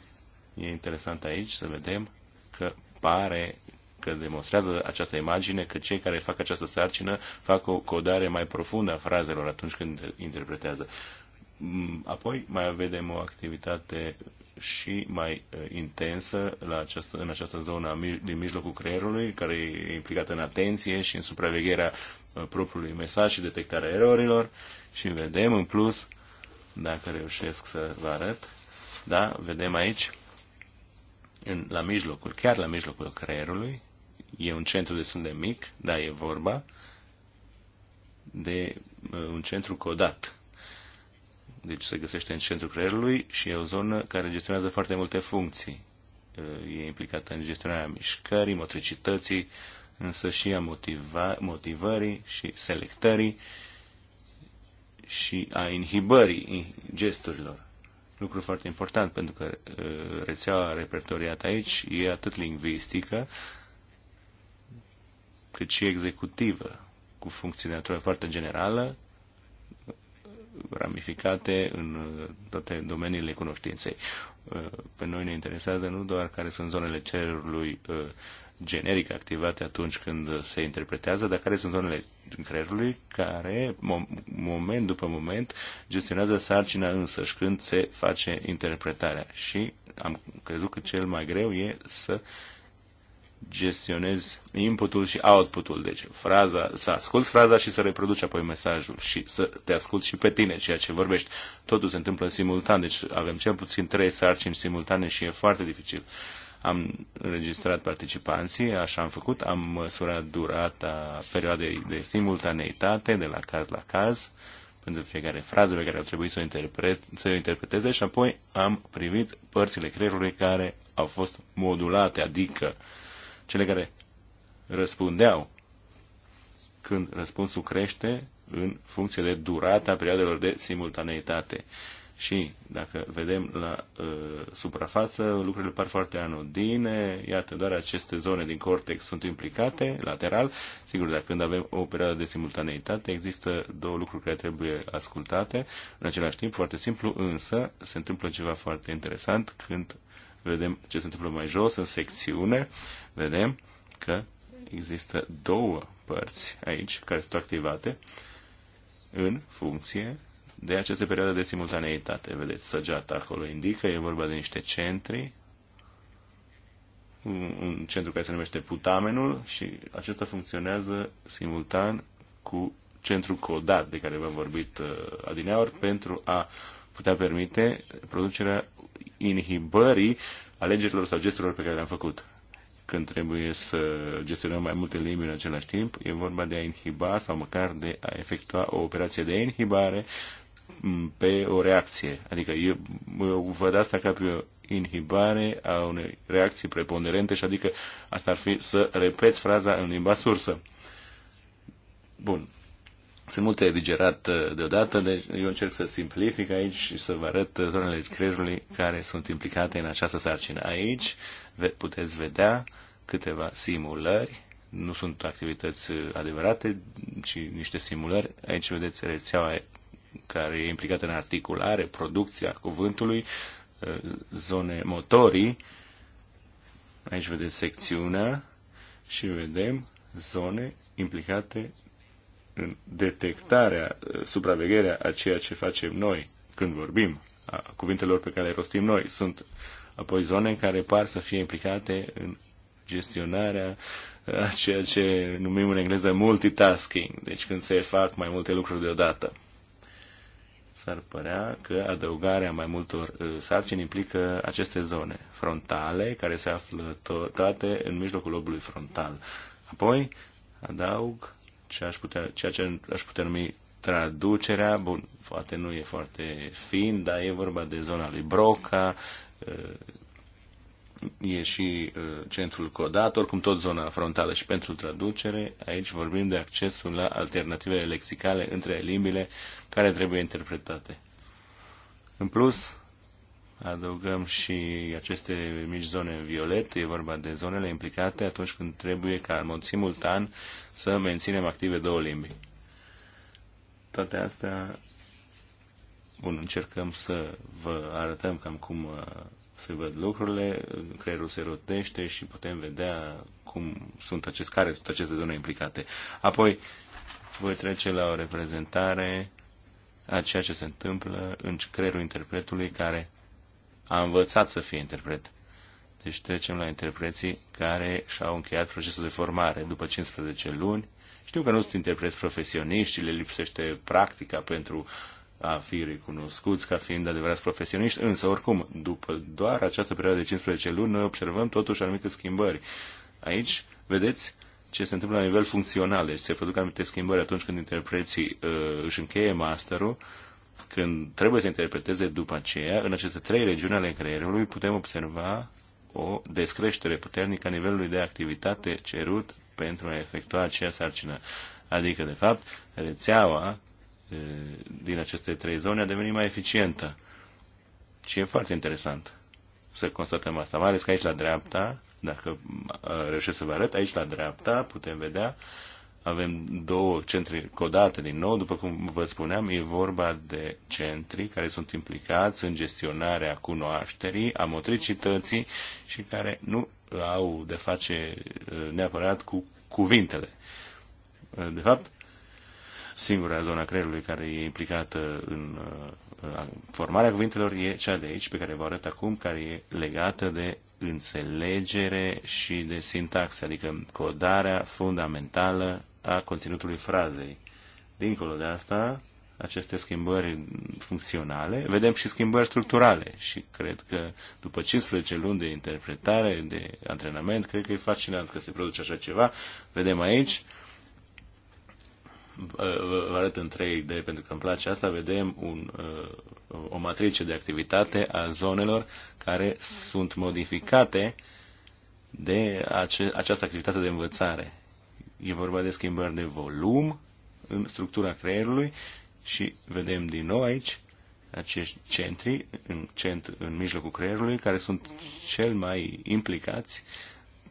E interesant aici să vedem că pare că demonstrează această imagine că cei care fac această sarcină fac o codare mai profundă a frazelor atunci când interpretează. Mm, apoi mai vedem o activitate și mai intensă la această, în această zonă din mijlocul creierului, care e implicată în atenție și în supravegherea propriului mesaj și detectarea erorilor. Și vedem, în plus, dacă reușesc să vă arăt, da, vedem aici, în, la mijlocul, chiar la mijlocul creierului, e un centru destul de mic, dar e vorba de un centru codat deci se găsește în centrul creierului și e o zonă care gestionează foarte multe funcții. E implicată în gestionarea mișcării, motricității, însă și a motiva, motivării și selectării și a inhibării gesturilor. Lucru foarte important, pentru că rețeaua repertoriată aici e atât lingvistică, cât și executivă, cu funcții de natură foarte generală, ramificate în uh, toate domeniile cunoștinței. Uh, pe noi ne interesează nu doar care sunt zonele cerului uh, generic activate atunci când se interpretează, dar care sunt zonele creierului care, moment după moment, gestionează sarcina însăși când se face interpretarea. Și am crezut că cel mai greu e să gestionezi inputul și outputul. Deci fraza, să asculți fraza și să reproduci apoi mesajul și să te asculți și pe tine ceea ce vorbești. Totul se întâmplă simultan, deci avem cel puțin trei sarcini simultane și e foarte dificil. Am înregistrat participanții, așa am făcut, am măsurat durata perioadei de simultaneitate de la caz la caz pentru fiecare frază pe care au trebuit să o, interpret, să o interpreteze și apoi am privit părțile creierului care au fost modulate, adică uh, cele care răspundeau. Când răspunsul crește în funcție de durata perioadelor de simultaneitate. Și dacă vedem la uh, suprafață, lucrurile par foarte anodine, iată, doar aceste zone din cortex sunt implicate lateral. Sigur, dacă când avem o perioadă de simultaneitate, există două lucruri care trebuie ascultate. În același timp, foarte simplu, însă, se întâmplă ceva foarte interesant când vedem ce se întâmplă mai jos, în secțiune, vedem că există două părți aici care sunt activate în funcție de aceste perioade de simultaneitate. Vedeți, săgeata acolo indică, e vorba de niște centri, un, un centru care se numește putamenul și acesta funcționează simultan cu centru codat de care v-am vorbit uh, adineaori pentru a putea permite producerea inhibării alegerilor sau gesturilor pe care le-am făcut. Când trebuie să gestionăm mai multe limbi în același timp, e vorba de a inhiba sau măcar de a efectua o operație de inhibare mm, pe o reacție. Adică eu, eu văd asta ca pe o inhibare a unei reacții preponderente și adică asta ar fi să repeți fraza în limba sursă. Bun. Sunt multe de digerat uh, deodată, deci eu încerc să simplific aici și să vă arăt uh, zonele creierului care sunt implicate în această sarcină. Aici puteți vedea câteva simulări, nu sunt activități uh, adevărate, ci niște simulări. Aici vedeți rețeaua care e implicată în articulare, producția cuvântului, zone motorii. Aici vedeți secțiunea și vedem zone implicate în detectarea, supravegherea a ceea ce facem noi când vorbim, a cuvintelor pe care le rostim noi. Sunt apoi zone în care par să fie implicate în gestionarea a ceea ce numim în engleză multitasking, deci când se fac mai multe lucruri deodată. S-ar părea că adăugarea mai multor uh, sarcini implică aceste zone frontale, care se află toate în mijlocul lobului frontal. Apoi, adaug ce aș putea, ceea ce aș putea numi traducerea, bun, poate nu e foarte fin, dar e vorba de zona lui Broca, e și centrul Codat, oricum tot zona frontală și pentru traducere, aici vorbim de accesul la alternativele lexicale între limbile care trebuie interpretate. În plus, adăugăm și aceste mici zone violet, e vorba de zonele implicate atunci când trebuie ca în mod simultan să menținem active două limbi. Toate astea, bun, încercăm să vă arătăm cam cum uh, se văd lucrurile, creierul se rotește și putem vedea cum sunt acest, care sunt aceste zone implicate. Apoi voi trece la o reprezentare a ceea ce se întâmplă în creierul interpretului care a învățat să fie interpret. Deci trecem la interpreții care și-au încheiat procesul de formare după 15 luni. Știu că nu sunt interpreți profesioniști, le lipsește practica pentru a fi recunoscuți ca fiind adevărați profesioniști, însă oricum, după doar această perioadă de 15 luni, noi observăm totuși anumite schimbări. Aici, vedeți ce se întâmplă la nivel funcțional, deci se produc anumite schimbări atunci când interpreții uh, își încheie masterul, uh, când trebuie să interpreteze după aceea, în aceste trei regiuni ale creierului putem observa o descreștere puternică a nivelului de activitate cerut pentru a efectua aceea sarcină. Adică, de fapt, rețeaua din aceste trei zone a devenit mai eficientă. Și e foarte interesant să constatăm asta, mai ales că aici la dreapta, dacă reușesc să vă arăt, aici la dreapta putem vedea uh, avem două centri codate din nou, după cum vă spuneam, e vorba de centri care sunt implicați în gestionarea cunoașterii, a motricității și care nu au de face uh, neapărat cu cuvintele. Uh, de fapt, singura zona creierului care e implicată uh, în formarea cuvintelor e cea de aici, pe care vă arăt acum, care e legată de înțelegere și de sintaxă, adică codarea fundamentală a conținutului frazei. Dincolo de asta, aceste schimbări funcționale, vedem și schimbări structurale și cred că după 15 luni de interpretare, de antrenament, cred că e fascinant că se produce așa ceva. Vedem aici, vă arăt în 3D pentru că îmi place asta, vedem un, uh, o matrice de activitate a zonelor care sunt modificate de ace- această activitate de învățare. E vorba de schimbări de volum în structura creierului și vedem din nou aici acești centri în, cent, în mijlocul creierului care sunt cel mai implicați,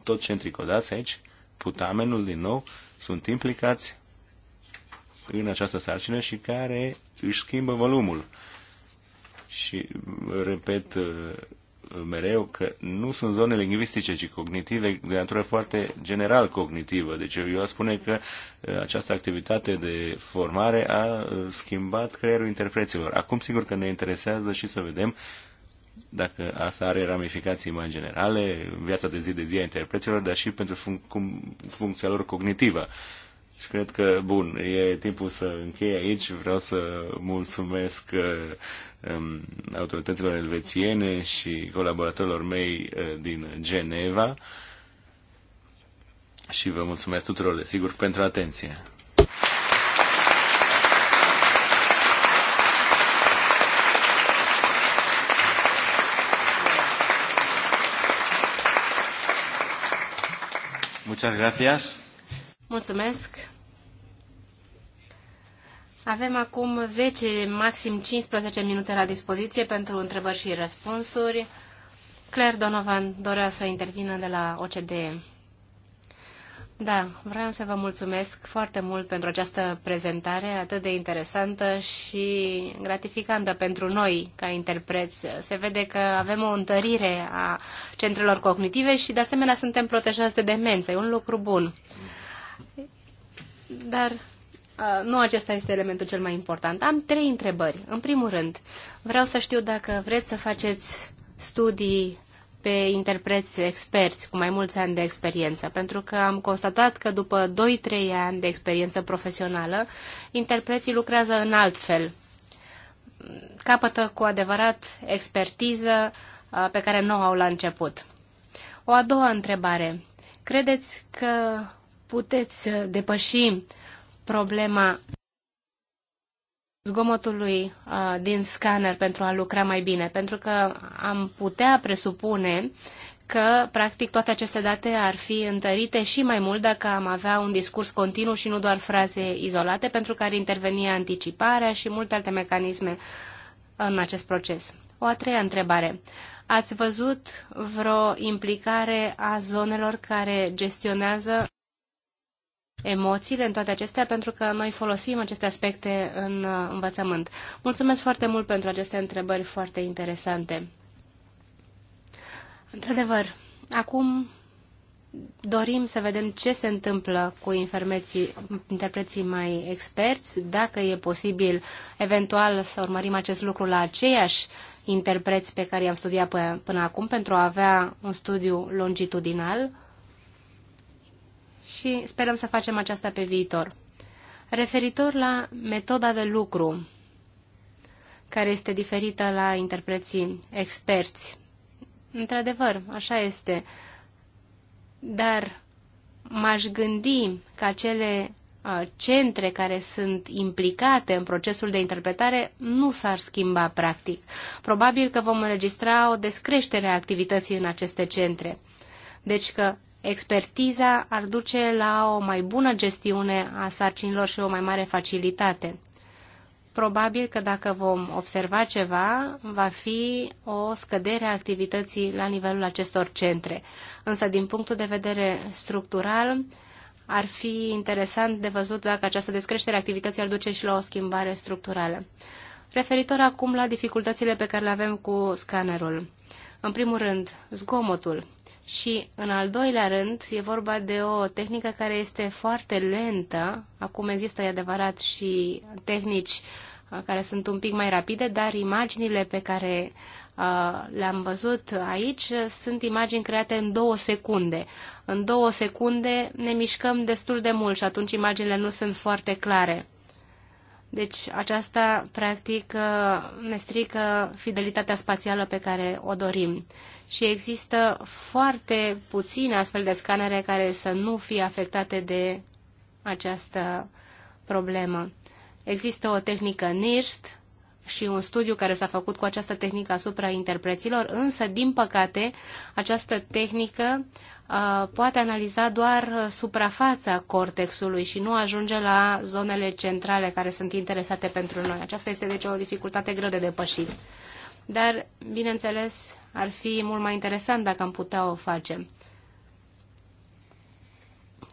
tot centrii codați aici, putamenul din nou, sunt implicați în această sarcină și care își schimbă volumul. Și, repet, mereu că nu sunt zone lingvistice, ci cognitive, de natură foarte general cognitivă. Deci eu aș spune că uh, această activitate de formare a uh, schimbat creierul interpreților. Acum, sigur că ne interesează și să vedem dacă asta are ramificații mai generale în viața de zi de zi a interpreților, dar și pentru func- cum, funcția lor cognitivă. Și cred că, bun, e timpul să închei aici. Vreau să mulțumesc uh, Um, autorităților elvețiene și colaboratorilor mei uh, din Geneva și vă mulțumesc tuturor, desigur, pentru atenție. Muchas gracias. Mulțumesc. Avem acum 10, maxim 15 minute la dispoziție pentru întrebări și răspunsuri. Claire Donovan dorea să intervină de la OCDE. Da, vreau să vă mulțumesc foarte mult pentru această prezentare atât de interesantă și gratificantă pentru noi ca interpreți. Se vede că avem o întărire a centrelor cognitive și de asemenea suntem protejați de demență. E un lucru bun. Dar nu acesta este elementul cel mai important. Am trei întrebări. În primul rând, vreau să știu dacă vreți să faceți studii pe interpreți experți cu mai mulți ani de experiență, pentru că am constatat că după 2-3 ani de experiență profesională, interpreții lucrează în alt fel. Capătă cu adevărat expertiză pe care nu o au la început. O a doua întrebare. Credeți că puteți depăși problema zgomotului uh, din scanner pentru a lucra mai bine, pentru că am putea presupune că, practic, toate aceste date ar fi întărite și mai mult dacă am avea un discurs continuu și nu doar fraze izolate, pentru că ar interveni anticiparea și multe alte mecanisme în acest proces. O a treia întrebare. Ați văzut vreo implicare a zonelor care gestionează emoțiile în toate acestea, pentru că noi folosim aceste aspecte în uh, învățământ. Mulțumesc foarte mult pentru aceste întrebări foarte interesante. Într-adevăr, acum dorim să vedem ce se întâmplă cu interpreții mai experți, dacă e posibil eventual să urmărim acest lucru la aceiași interpreți pe care i-am studiat până acum pentru a avea un studiu longitudinal și sperăm să facem aceasta pe viitor. Referitor la metoda de lucru, care este diferită la interpreții experți. Într-adevăr, așa este. Dar m-aș gândi că acele centre care sunt implicate în procesul de interpretare nu s-ar schimba practic. Probabil că vom înregistra o descreștere a activității în aceste centre. Deci că expertiza ar duce la o mai bună gestiune a sarcinilor și o mai mare facilitate. Probabil că dacă vom observa ceva, va fi o scădere a activității la nivelul acestor centre. Însă, din punctul de vedere structural, ar fi interesant de văzut dacă această descreștere a activității ar duce și la o schimbare structurală. Referitor acum la dificultățile pe care le avem cu scannerul. În primul rând, zgomotul. Și, în al doilea rând, e vorba de o tehnică care este foarte lentă. Acum există, e adevărat, și tehnici uh, care sunt un pic mai rapide, dar imaginile pe care uh, le-am văzut aici sunt imagini create în două secunde. În două secunde ne mișcăm destul de mult și atunci imaginile nu sunt foarte clare. Deci aceasta, practic, uh, ne strică fidelitatea spațială pe care o dorim și există foarte puține astfel de scanere care să nu fie afectate de această problemă. Există o tehnică NIRST și un studiu care s-a făcut cu această tehnică asupra interpreților, însă, din păcate, această tehnică uh, poate analiza doar suprafața cortexului și nu ajunge la zonele centrale care sunt interesate pentru noi. Aceasta este, deci, o dificultate greu de depășit dar, bineînțeles, ar fi mult mai interesant dacă am putea o face.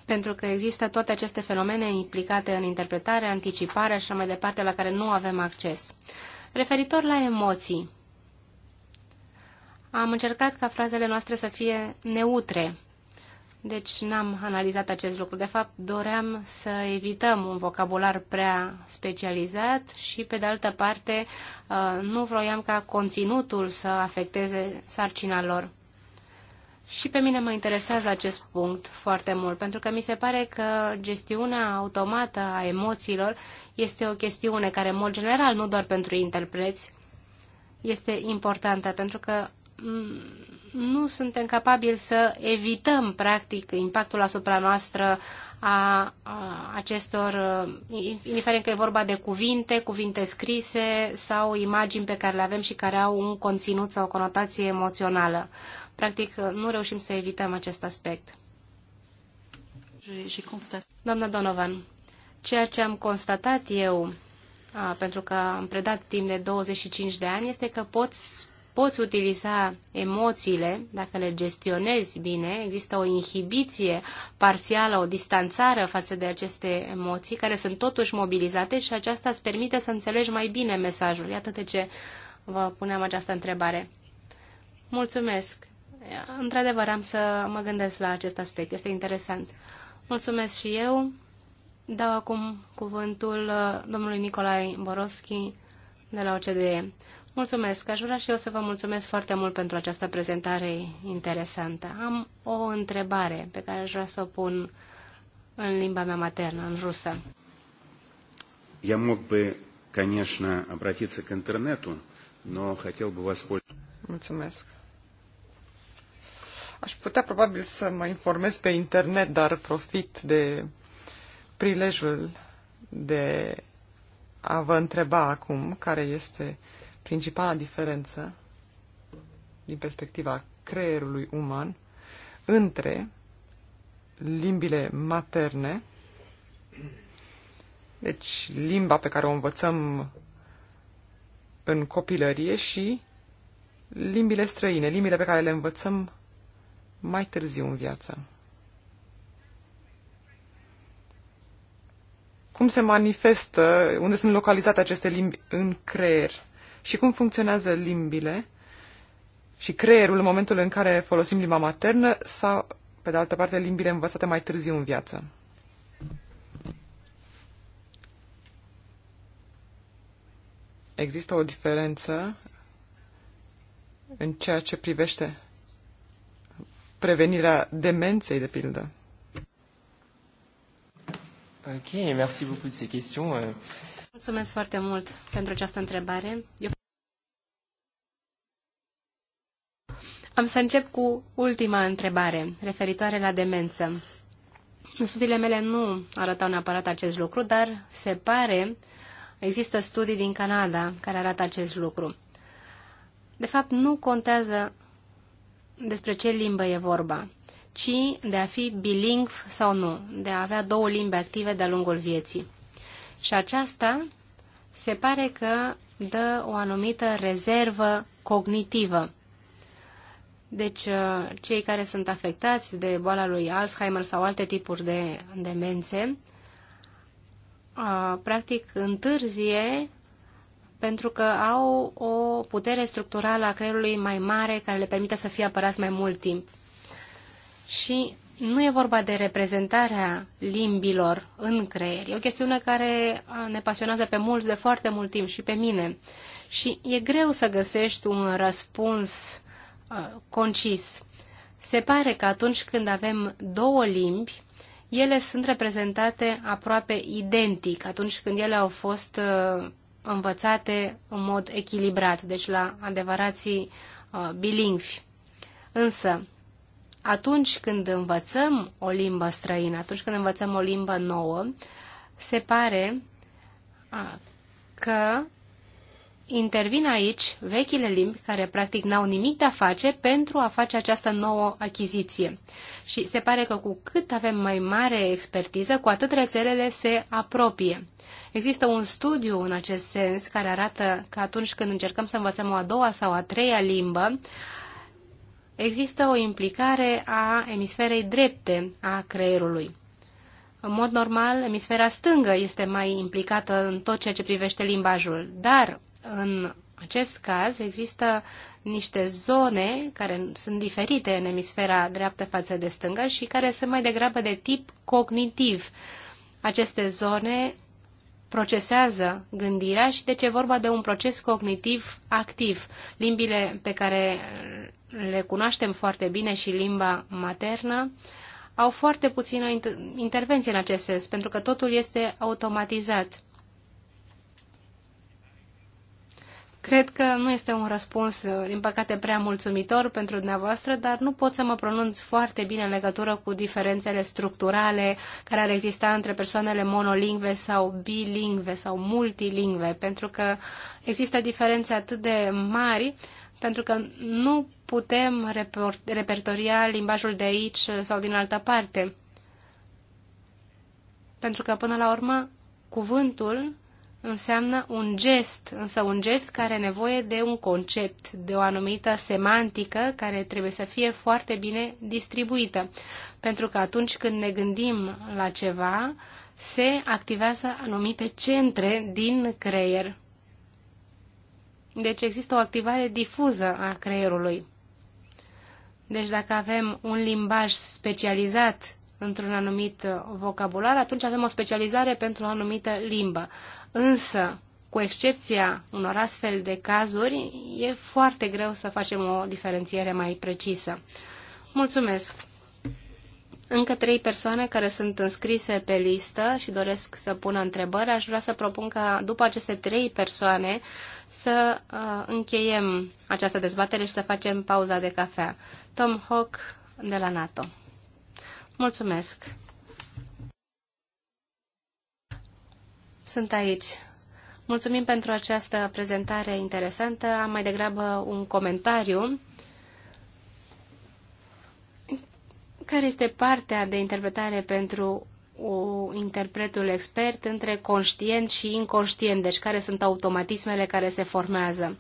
Pentru că există toate aceste fenomene implicate în interpretare, anticipare și așa mai departe, la care nu avem acces. Referitor la emoții, am încercat ca frazele noastre să fie neutre, deci n-am analizat acest lucru. De fapt, doream să evităm un vocabular prea specializat și, pe de altă parte, uh, nu vroiam ca conținutul să afecteze sarcina lor. Și pe mine mă interesează acest punct foarte mult, pentru că mi se pare că gestiunea automată a emoțiilor este o chestiune care, în mod general, nu doar pentru interpreți, este importantă, pentru că nu suntem capabili să evităm, practic, impactul asupra noastră a, a acestor, uh, indiferent că e vorba de cuvinte, cuvinte scrise sau imagini pe care le avem și care au un conținut sau o conotație emoțională. Practic, uh, nu reușim să evităm acest aspect. Doamna Donovan, ceea ce am constatat eu, pentru că am predat timp de 25 de ani, este că pot poți utiliza emoțiile, dacă le gestionezi bine, există o inhibiție parțială, o distanțare față de aceste emoții, care sunt totuși mobilizate și aceasta îți permite să înțelegi mai bine mesajul. Iată de ce vă puneam această întrebare. Mulțumesc! Într-adevăr, am să mă gândesc la acest aspect. Este interesant. Mulțumesc și eu. Dau acum cuvântul uh, domnului Nicolae Boroschi de la OCDE. Mulțumesc. Aș vrea și eu să vă mulțumesc foarte mult pentru această prezentare interesantă. Am o întrebare pe care aș vrea să o pun în limba mea maternă, în rusă. Я мог бы, конечно, обратиться к интернету, но хотел бы воспользоваться... Mulțumesc. Aș putea probabil să mă informez pe internet, dar profit de prilejul de a vă întreba acum care este Principala diferență din perspectiva creierului uman între limbile materne, deci limba pe care o învățăm în copilărie și limbile străine, limbile pe care le învățăm mai târziu în viață. Cum se manifestă, unde sunt localizate aceste limbi în creier? și cum funcționează limbile și creierul în momentul în care folosim limba maternă sau, pe de altă parte, limbile învățate mai târziu în viață. Există o diferență în ceea ce privește prevenirea demenței, de pildă. Ok, merci beaucoup de ces questions. Mulțumesc foarte mult pentru această întrebare. Eu... Am să încep cu ultima întrebare, referitoare la demență. Studiile mele nu arătau neapărat acest lucru, dar se pare, există studii din Canada care arată acest lucru. De fapt, nu contează despre ce limbă e vorba, ci de a fi bilingv sau nu, de a avea două limbi active de-a lungul vieții. Și aceasta se pare că dă o anumită rezervă cognitivă. Deci, uh, cei care sunt afectați de boala lui Alzheimer sau alte tipuri de demențe, uh, practic întârzie pentru că au o putere structurală a creierului mai mare care le permite să fie apărați mai mult timp. Și nu e vorba de reprezentarea limbilor în creier. E o chestiune care uh, ne pasionează pe mulți de foarte mult timp și pe mine. Și e greu să găsești un răspuns concis. Se pare că atunci când avem două limbi, ele sunt reprezentate aproape identic atunci când ele au fost uh, învățate în mod echilibrat, deci la adevărații uh, bilingvi. Însă, atunci când învățăm o limbă străină, atunci când învățăm o limbă nouă, se pare uh, că intervin aici vechile limbi care practic n-au nimic de a face pentru a face această nouă achiziție. Și se pare că cu cât avem mai mare expertiză, cu atât rețelele se apropie. Există un studiu în acest sens care arată că atunci când încercăm să învățăm o a doua sau a treia limbă, există o implicare a emisferei drepte a creierului. În mod normal, emisfera stângă este mai implicată în tot ceea ce privește limbajul, dar în acest caz există niște zone care sunt diferite în emisfera dreaptă față de stânga și care sunt mai degrabă de tip cognitiv. Aceste zone procesează gândirea și deci ce vorba de un proces cognitiv activ. Limbile pe care le cunoaștem foarte bine și limba maternă au foarte puțină intervenție în acest sens, pentru că totul este automatizat. Cred că nu este un răspuns, uh, din păcate, prea mulțumitor pentru dumneavoastră, dar nu pot să mă pronunț foarte bine în legătură cu diferențele structurale care ar exista între persoanele monolingve sau bilingve sau multilingve, pentru că există diferențe atât de mari, pentru că nu putem repertoria limbajul de aici sau din altă parte. Pentru că, până la urmă, cuvântul înseamnă un gest, însă un gest care are nevoie de un concept, de o anumită semantică care trebuie să fie foarte bine distribuită. Pentru că atunci când ne gândim la ceva, se activează anumite centre din creier. Deci există o activare difuză a creierului. Deci dacă avem un limbaj specializat într-un anumit uh, vocabular, atunci avem o specializare pentru o anumită limbă. Însă, cu excepția unor astfel de cazuri, e foarte greu să facem o diferențiere mai precisă. Mulțumesc! Încă trei persoane care sunt înscrise pe listă și doresc să pună întrebări. Aș vrea să propun ca după aceste trei persoane să uh, încheiem această dezbatere și să facem pauza de cafea. Tom Hock de la NATO. Mulțumesc. Sunt aici. Mulțumim pentru această prezentare interesantă. Am mai degrabă un comentariu care este partea de interpretare pentru o, interpretul expert între conștient și inconștient, deci care sunt automatismele care se formează.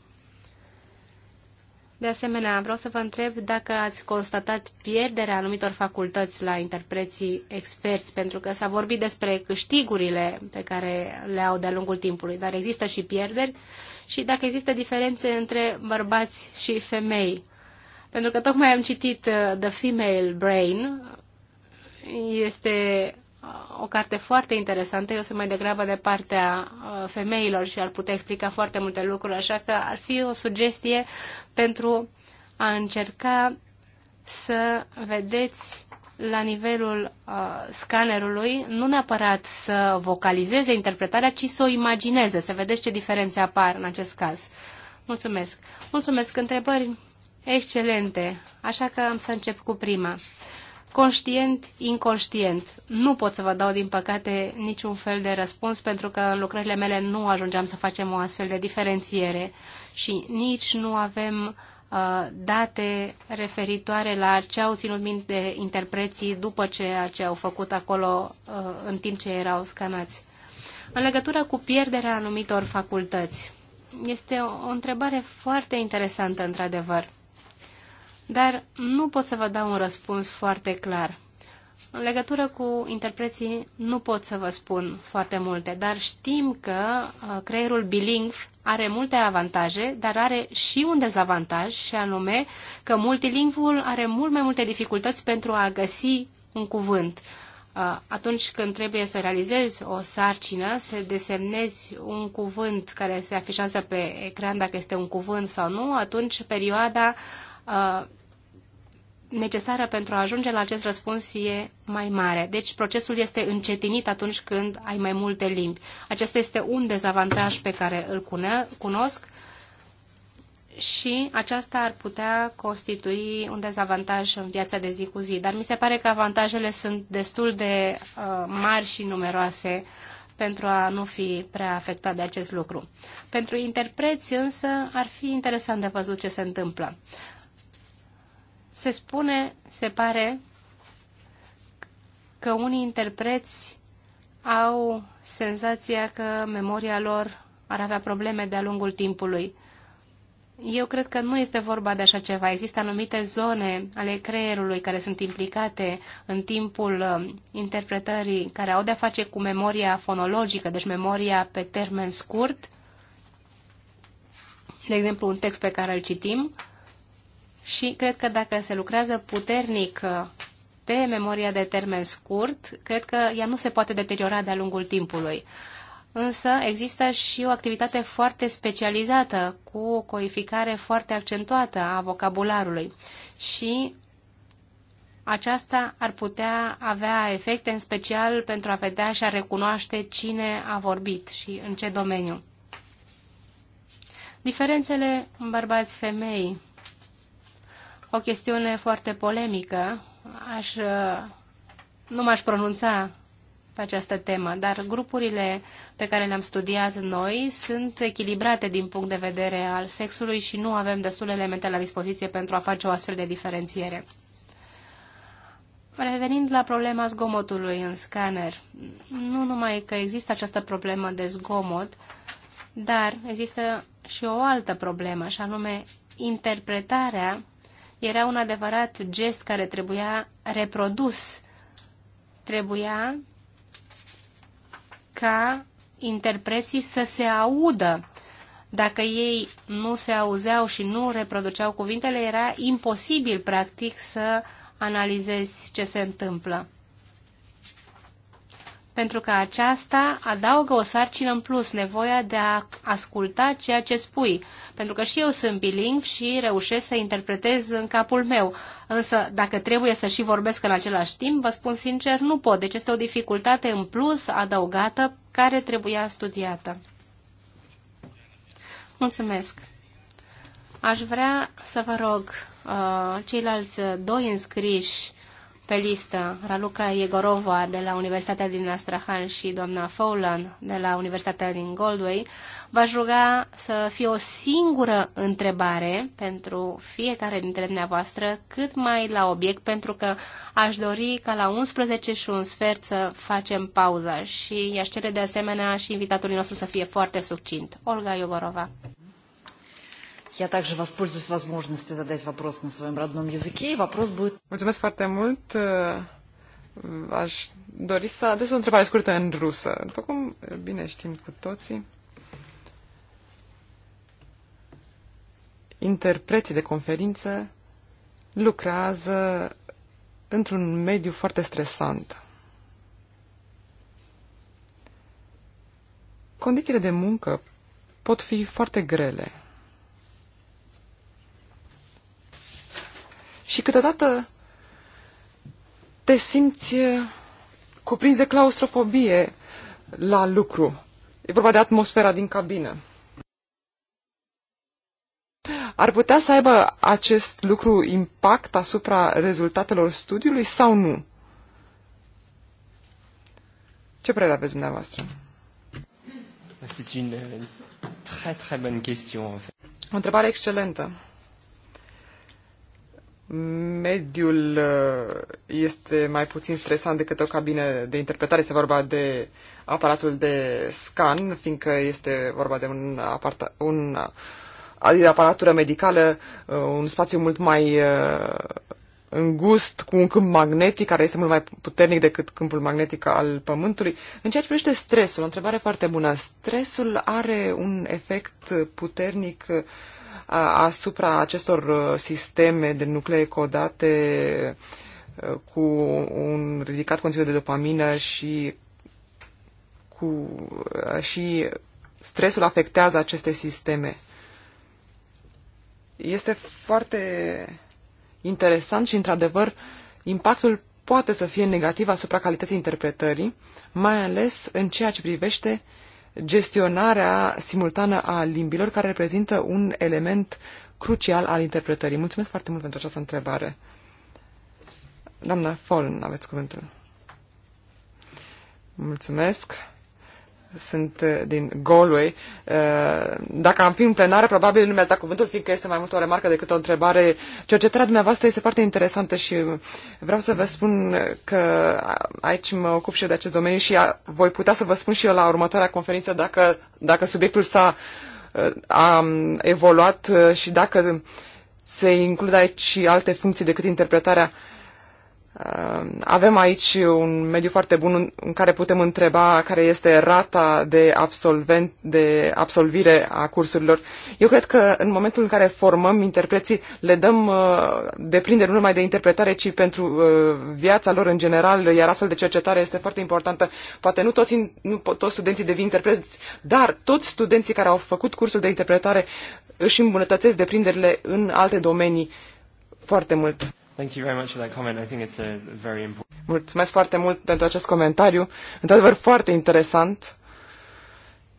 De asemenea, vreau să vă întreb dacă ați constatat pierderea anumitor facultăți la interpreții experți, pentru că s-a vorbit despre câștigurile pe care le au de-a lungul timpului, dar există și pierderi și dacă există diferențe între bărbați și femei. Pentru că tocmai am citit uh, The Female Brain, este o carte foarte interesantă. Eu sunt mai degrabă de partea uh, femeilor și ar putea explica foarte multe lucruri, așa că ar fi o sugestie pentru a încerca să vedeți la nivelul uh, scanerului, nu neapărat să vocalizeze interpretarea, ci să o imagineze, să vedeți ce diferențe apar în acest caz. Mulțumesc. Mulțumesc. Întrebări excelente. Așa că am să încep cu prima conștient, inconștient. Nu pot să vă dau, din păcate, niciun fel de răspuns, pentru că în lucrările mele nu ajungeam să facem o astfel de diferențiere și nici nu avem uh, date referitoare la ce au ținut minte interpreții după ceea ce au făcut acolo uh, în timp ce erau scanați. În legătură cu pierderea anumitor facultăți, este o întrebare foarte interesantă, într-adevăr dar nu pot să vă dau un răspuns foarte clar. În legătură cu interpreții nu pot să vă spun foarte multe, dar știm că uh, creierul bilingv are multe avantaje, dar are și un dezavantaj, și anume că multilingvul are mult mai multe dificultăți pentru a găsi un cuvânt. Uh, atunci când trebuie să realizezi o sarcină, să desemnezi un cuvânt care se afișează pe ecran dacă este un cuvânt sau nu, atunci perioada uh, necesară pentru a ajunge la acest răspuns e mai mare. Deci procesul este încetinit atunci când ai mai multe limbi. Acesta este un dezavantaj pe care îl cunosc și aceasta ar putea constitui un dezavantaj în viața de zi cu zi. Dar mi se pare că avantajele sunt destul de uh, mari și numeroase pentru a nu fi prea afectat de acest lucru. Pentru interpreți însă ar fi interesant de văzut ce se întâmplă. Se spune, se pare, că unii interpreți au senzația că memoria lor ar avea probleme de-a lungul timpului. Eu cred că nu este vorba de așa ceva. Există anumite zone ale creierului care sunt implicate în timpul um, interpretării, care au de-a face cu memoria fonologică, deci memoria pe termen scurt, de exemplu un text pe care îl citim, și cred că dacă se lucrează puternic uh, pe memoria de termen scurt, cred că ea nu se poate deteriora de-a lungul timpului. Însă există și o activitate foarte specializată, cu o codificare foarte accentuată a vocabularului și aceasta ar putea avea efecte în special pentru a vedea și a recunoaște cine a vorbit și în ce domeniu. Diferențele bărbați-femei o chestiune foarte polemică. Aș, uh, nu m-aș pronunța pe această temă, dar grupurile pe care le-am studiat noi sunt echilibrate din punct de vedere al sexului și nu avem destul elemente la dispoziție pentru a face o astfel de diferențiere. Revenind la problema zgomotului în scanner, nu numai că există această problemă de zgomot, dar există și o altă problemă, și anume interpretarea era un adevărat gest care trebuia reprodus. Trebuia ca interpreții să se audă. Dacă ei nu se auzeau și nu reproduceau cuvintele, era imposibil, practic, să analizezi ce se întâmplă pentru că aceasta adaugă o sarcină în plus, nevoia de a asculta ceea ce spui, pentru că și eu sunt bilingv și reușesc să interpretez în capul meu. Însă, dacă trebuie să și vorbesc în același timp, vă spun sincer, nu pot. Deci este o dificultate în plus adăugată care trebuia studiată. Mulțumesc! Aș vrea să vă rog uh, ceilalți doi înscriși pe listă Raluca Iegorova de la Universitatea din Astrahan și doamna Fowlan de la Universitatea din Goldway, v-aș ruga să fie o singură întrebare pentru fiecare dintre dumneavoastră, cât mai la obiect, pentru că aș dori ca la 11 și un sfert să facem pauza și i-aș cere de asemenea și invitatului nostru să fie foarte succint. Olga Iegorova. Я также воспользуюсь возможностью задать вопрос на своем родном языке, и вопрос будет... Mulțumesc foarte mult! Э, aș dori să adus o întrebare scurtă în rusă. După cum bine știm cu toții, interpreții de conferință lucrează într-un mediu foarte stresant. Condițiile de muncă pot fi foarte grele. și câteodată te simți eh, cuprins de claustrofobie la lucru. E vorba de atmosfera din cabină. Ar putea să aibă acest lucru impact asupra rezultatelor studiului sau nu? Ce părere aveți dumneavoastră? C'est une euh, très très bonne question. O întrebare excelentă mediul uh, este mai puțin stresant decât o cabină de interpretare. Este vorba de aparatul de scan, fiindcă este vorba de un, aparta, un adică aparatură medicală, uh, un spațiu mult mai îngust, cu un câmp magnetic care este mult mai puternic decât câmpul magnetic al Pământului. În ceea ce privește stresul, o întrebare foarte bună. Stresul are un efect puternic uh, asupra acestor uh, sisteme de nuclee codate uh, cu un ridicat conținut de dopamină și cu, uh, și stresul afectează aceste sisteme. Este foarte interesant și, într-adevăr, impactul poate să fie negativ asupra calității interpretării, mai ales în ceea ce privește uh, gestionarea simultană a limbilor, care reprezintă un element crucial al interpretării. Mulțumesc foarte mult pentru această întrebare. Doamna Foln, aveți cuvântul. Mulțumesc sunt uh, din Galway. Uh, dacă am fi în plenară, probabil nu mi-ați dat cuvântul, fiindcă este mai mult o remarcă decât o întrebare. Cercetarea dumneavoastră este foarte interesantă și vreau să vă spun că aici mă ocup și eu de acest domeniu și voi putea să vă spun și eu la următoarea conferință dacă, dacă subiectul s-a uh, a um, evoluat și dacă se includ aici și alte funcții decât interpretarea uh, Uh, avem aici un mediu foarte bun în care putem întreba care este rata de, absolvent, de absolvire a cursurilor. Eu cred că în momentul în care formăm interpreții, le dăm uh, deprindere nu numai de interpretare, ci pentru uh, viața lor în general, iar astfel de cercetare este foarte importantă. Poate nu toți, nu toți studenții devin interpreți, dar toți studenții care au făcut cursul de interpretare își îmbunătățesc deprinderile în alte domenii foarte mult. Thank you very much for that comment. I think it's a very important... Mulțumesc foarte mult pentru acest comentariu. Într-adevăr, foarte interesant.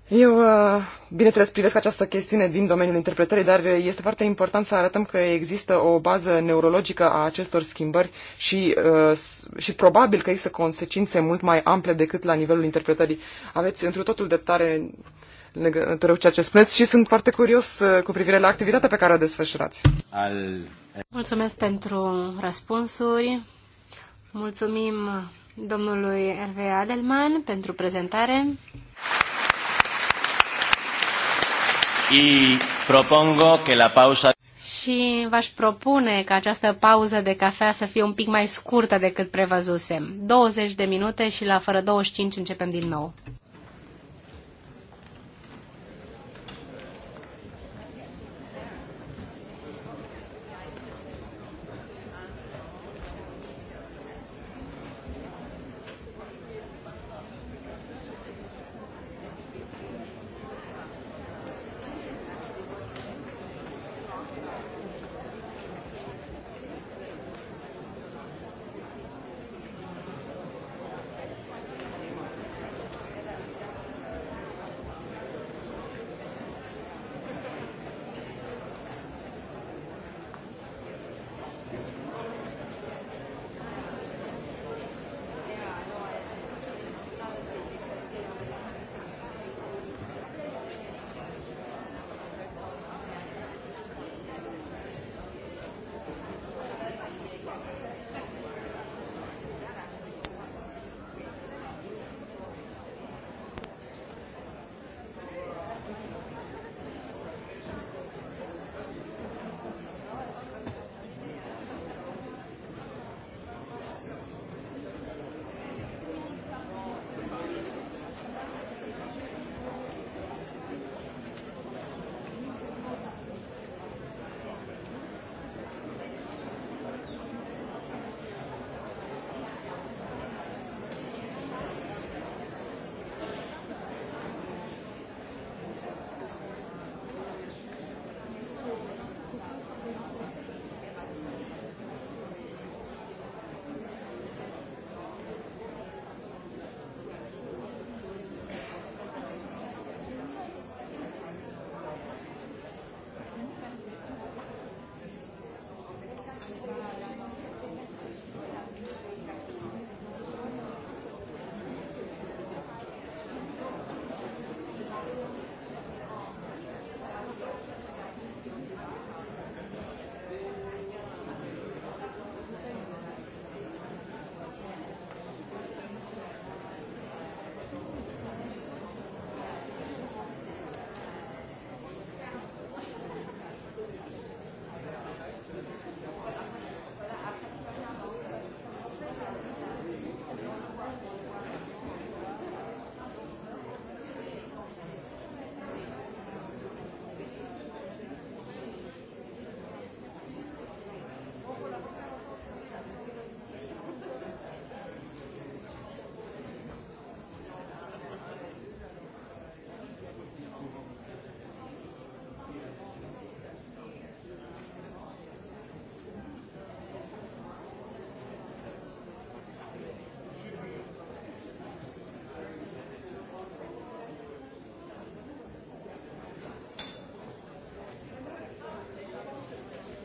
Eu, uh, bineînțeles, privesc această chestiune din domeniul interpretării, dar este foarte important să arătăm că există o bază neurologică a acestor schimbări și, uh, și probabil că există consecințe mult mai ample decât la nivelul interpretării. Aveți într totul dreptare într legătură ceea ce spuneți și sunt foarte curios uh, cu privire la activitatea pe care o desfășurați. Al Mulțumesc pentru răspunsuri. Mulțumim domnului Hervé Adelman pentru prezentare. Y propongo que la pausa... Și v-aș propune ca această pauză de cafea să fie un pic mai scurtă decât prevăzusem. 20 de minute și la fără 25 începem din nou.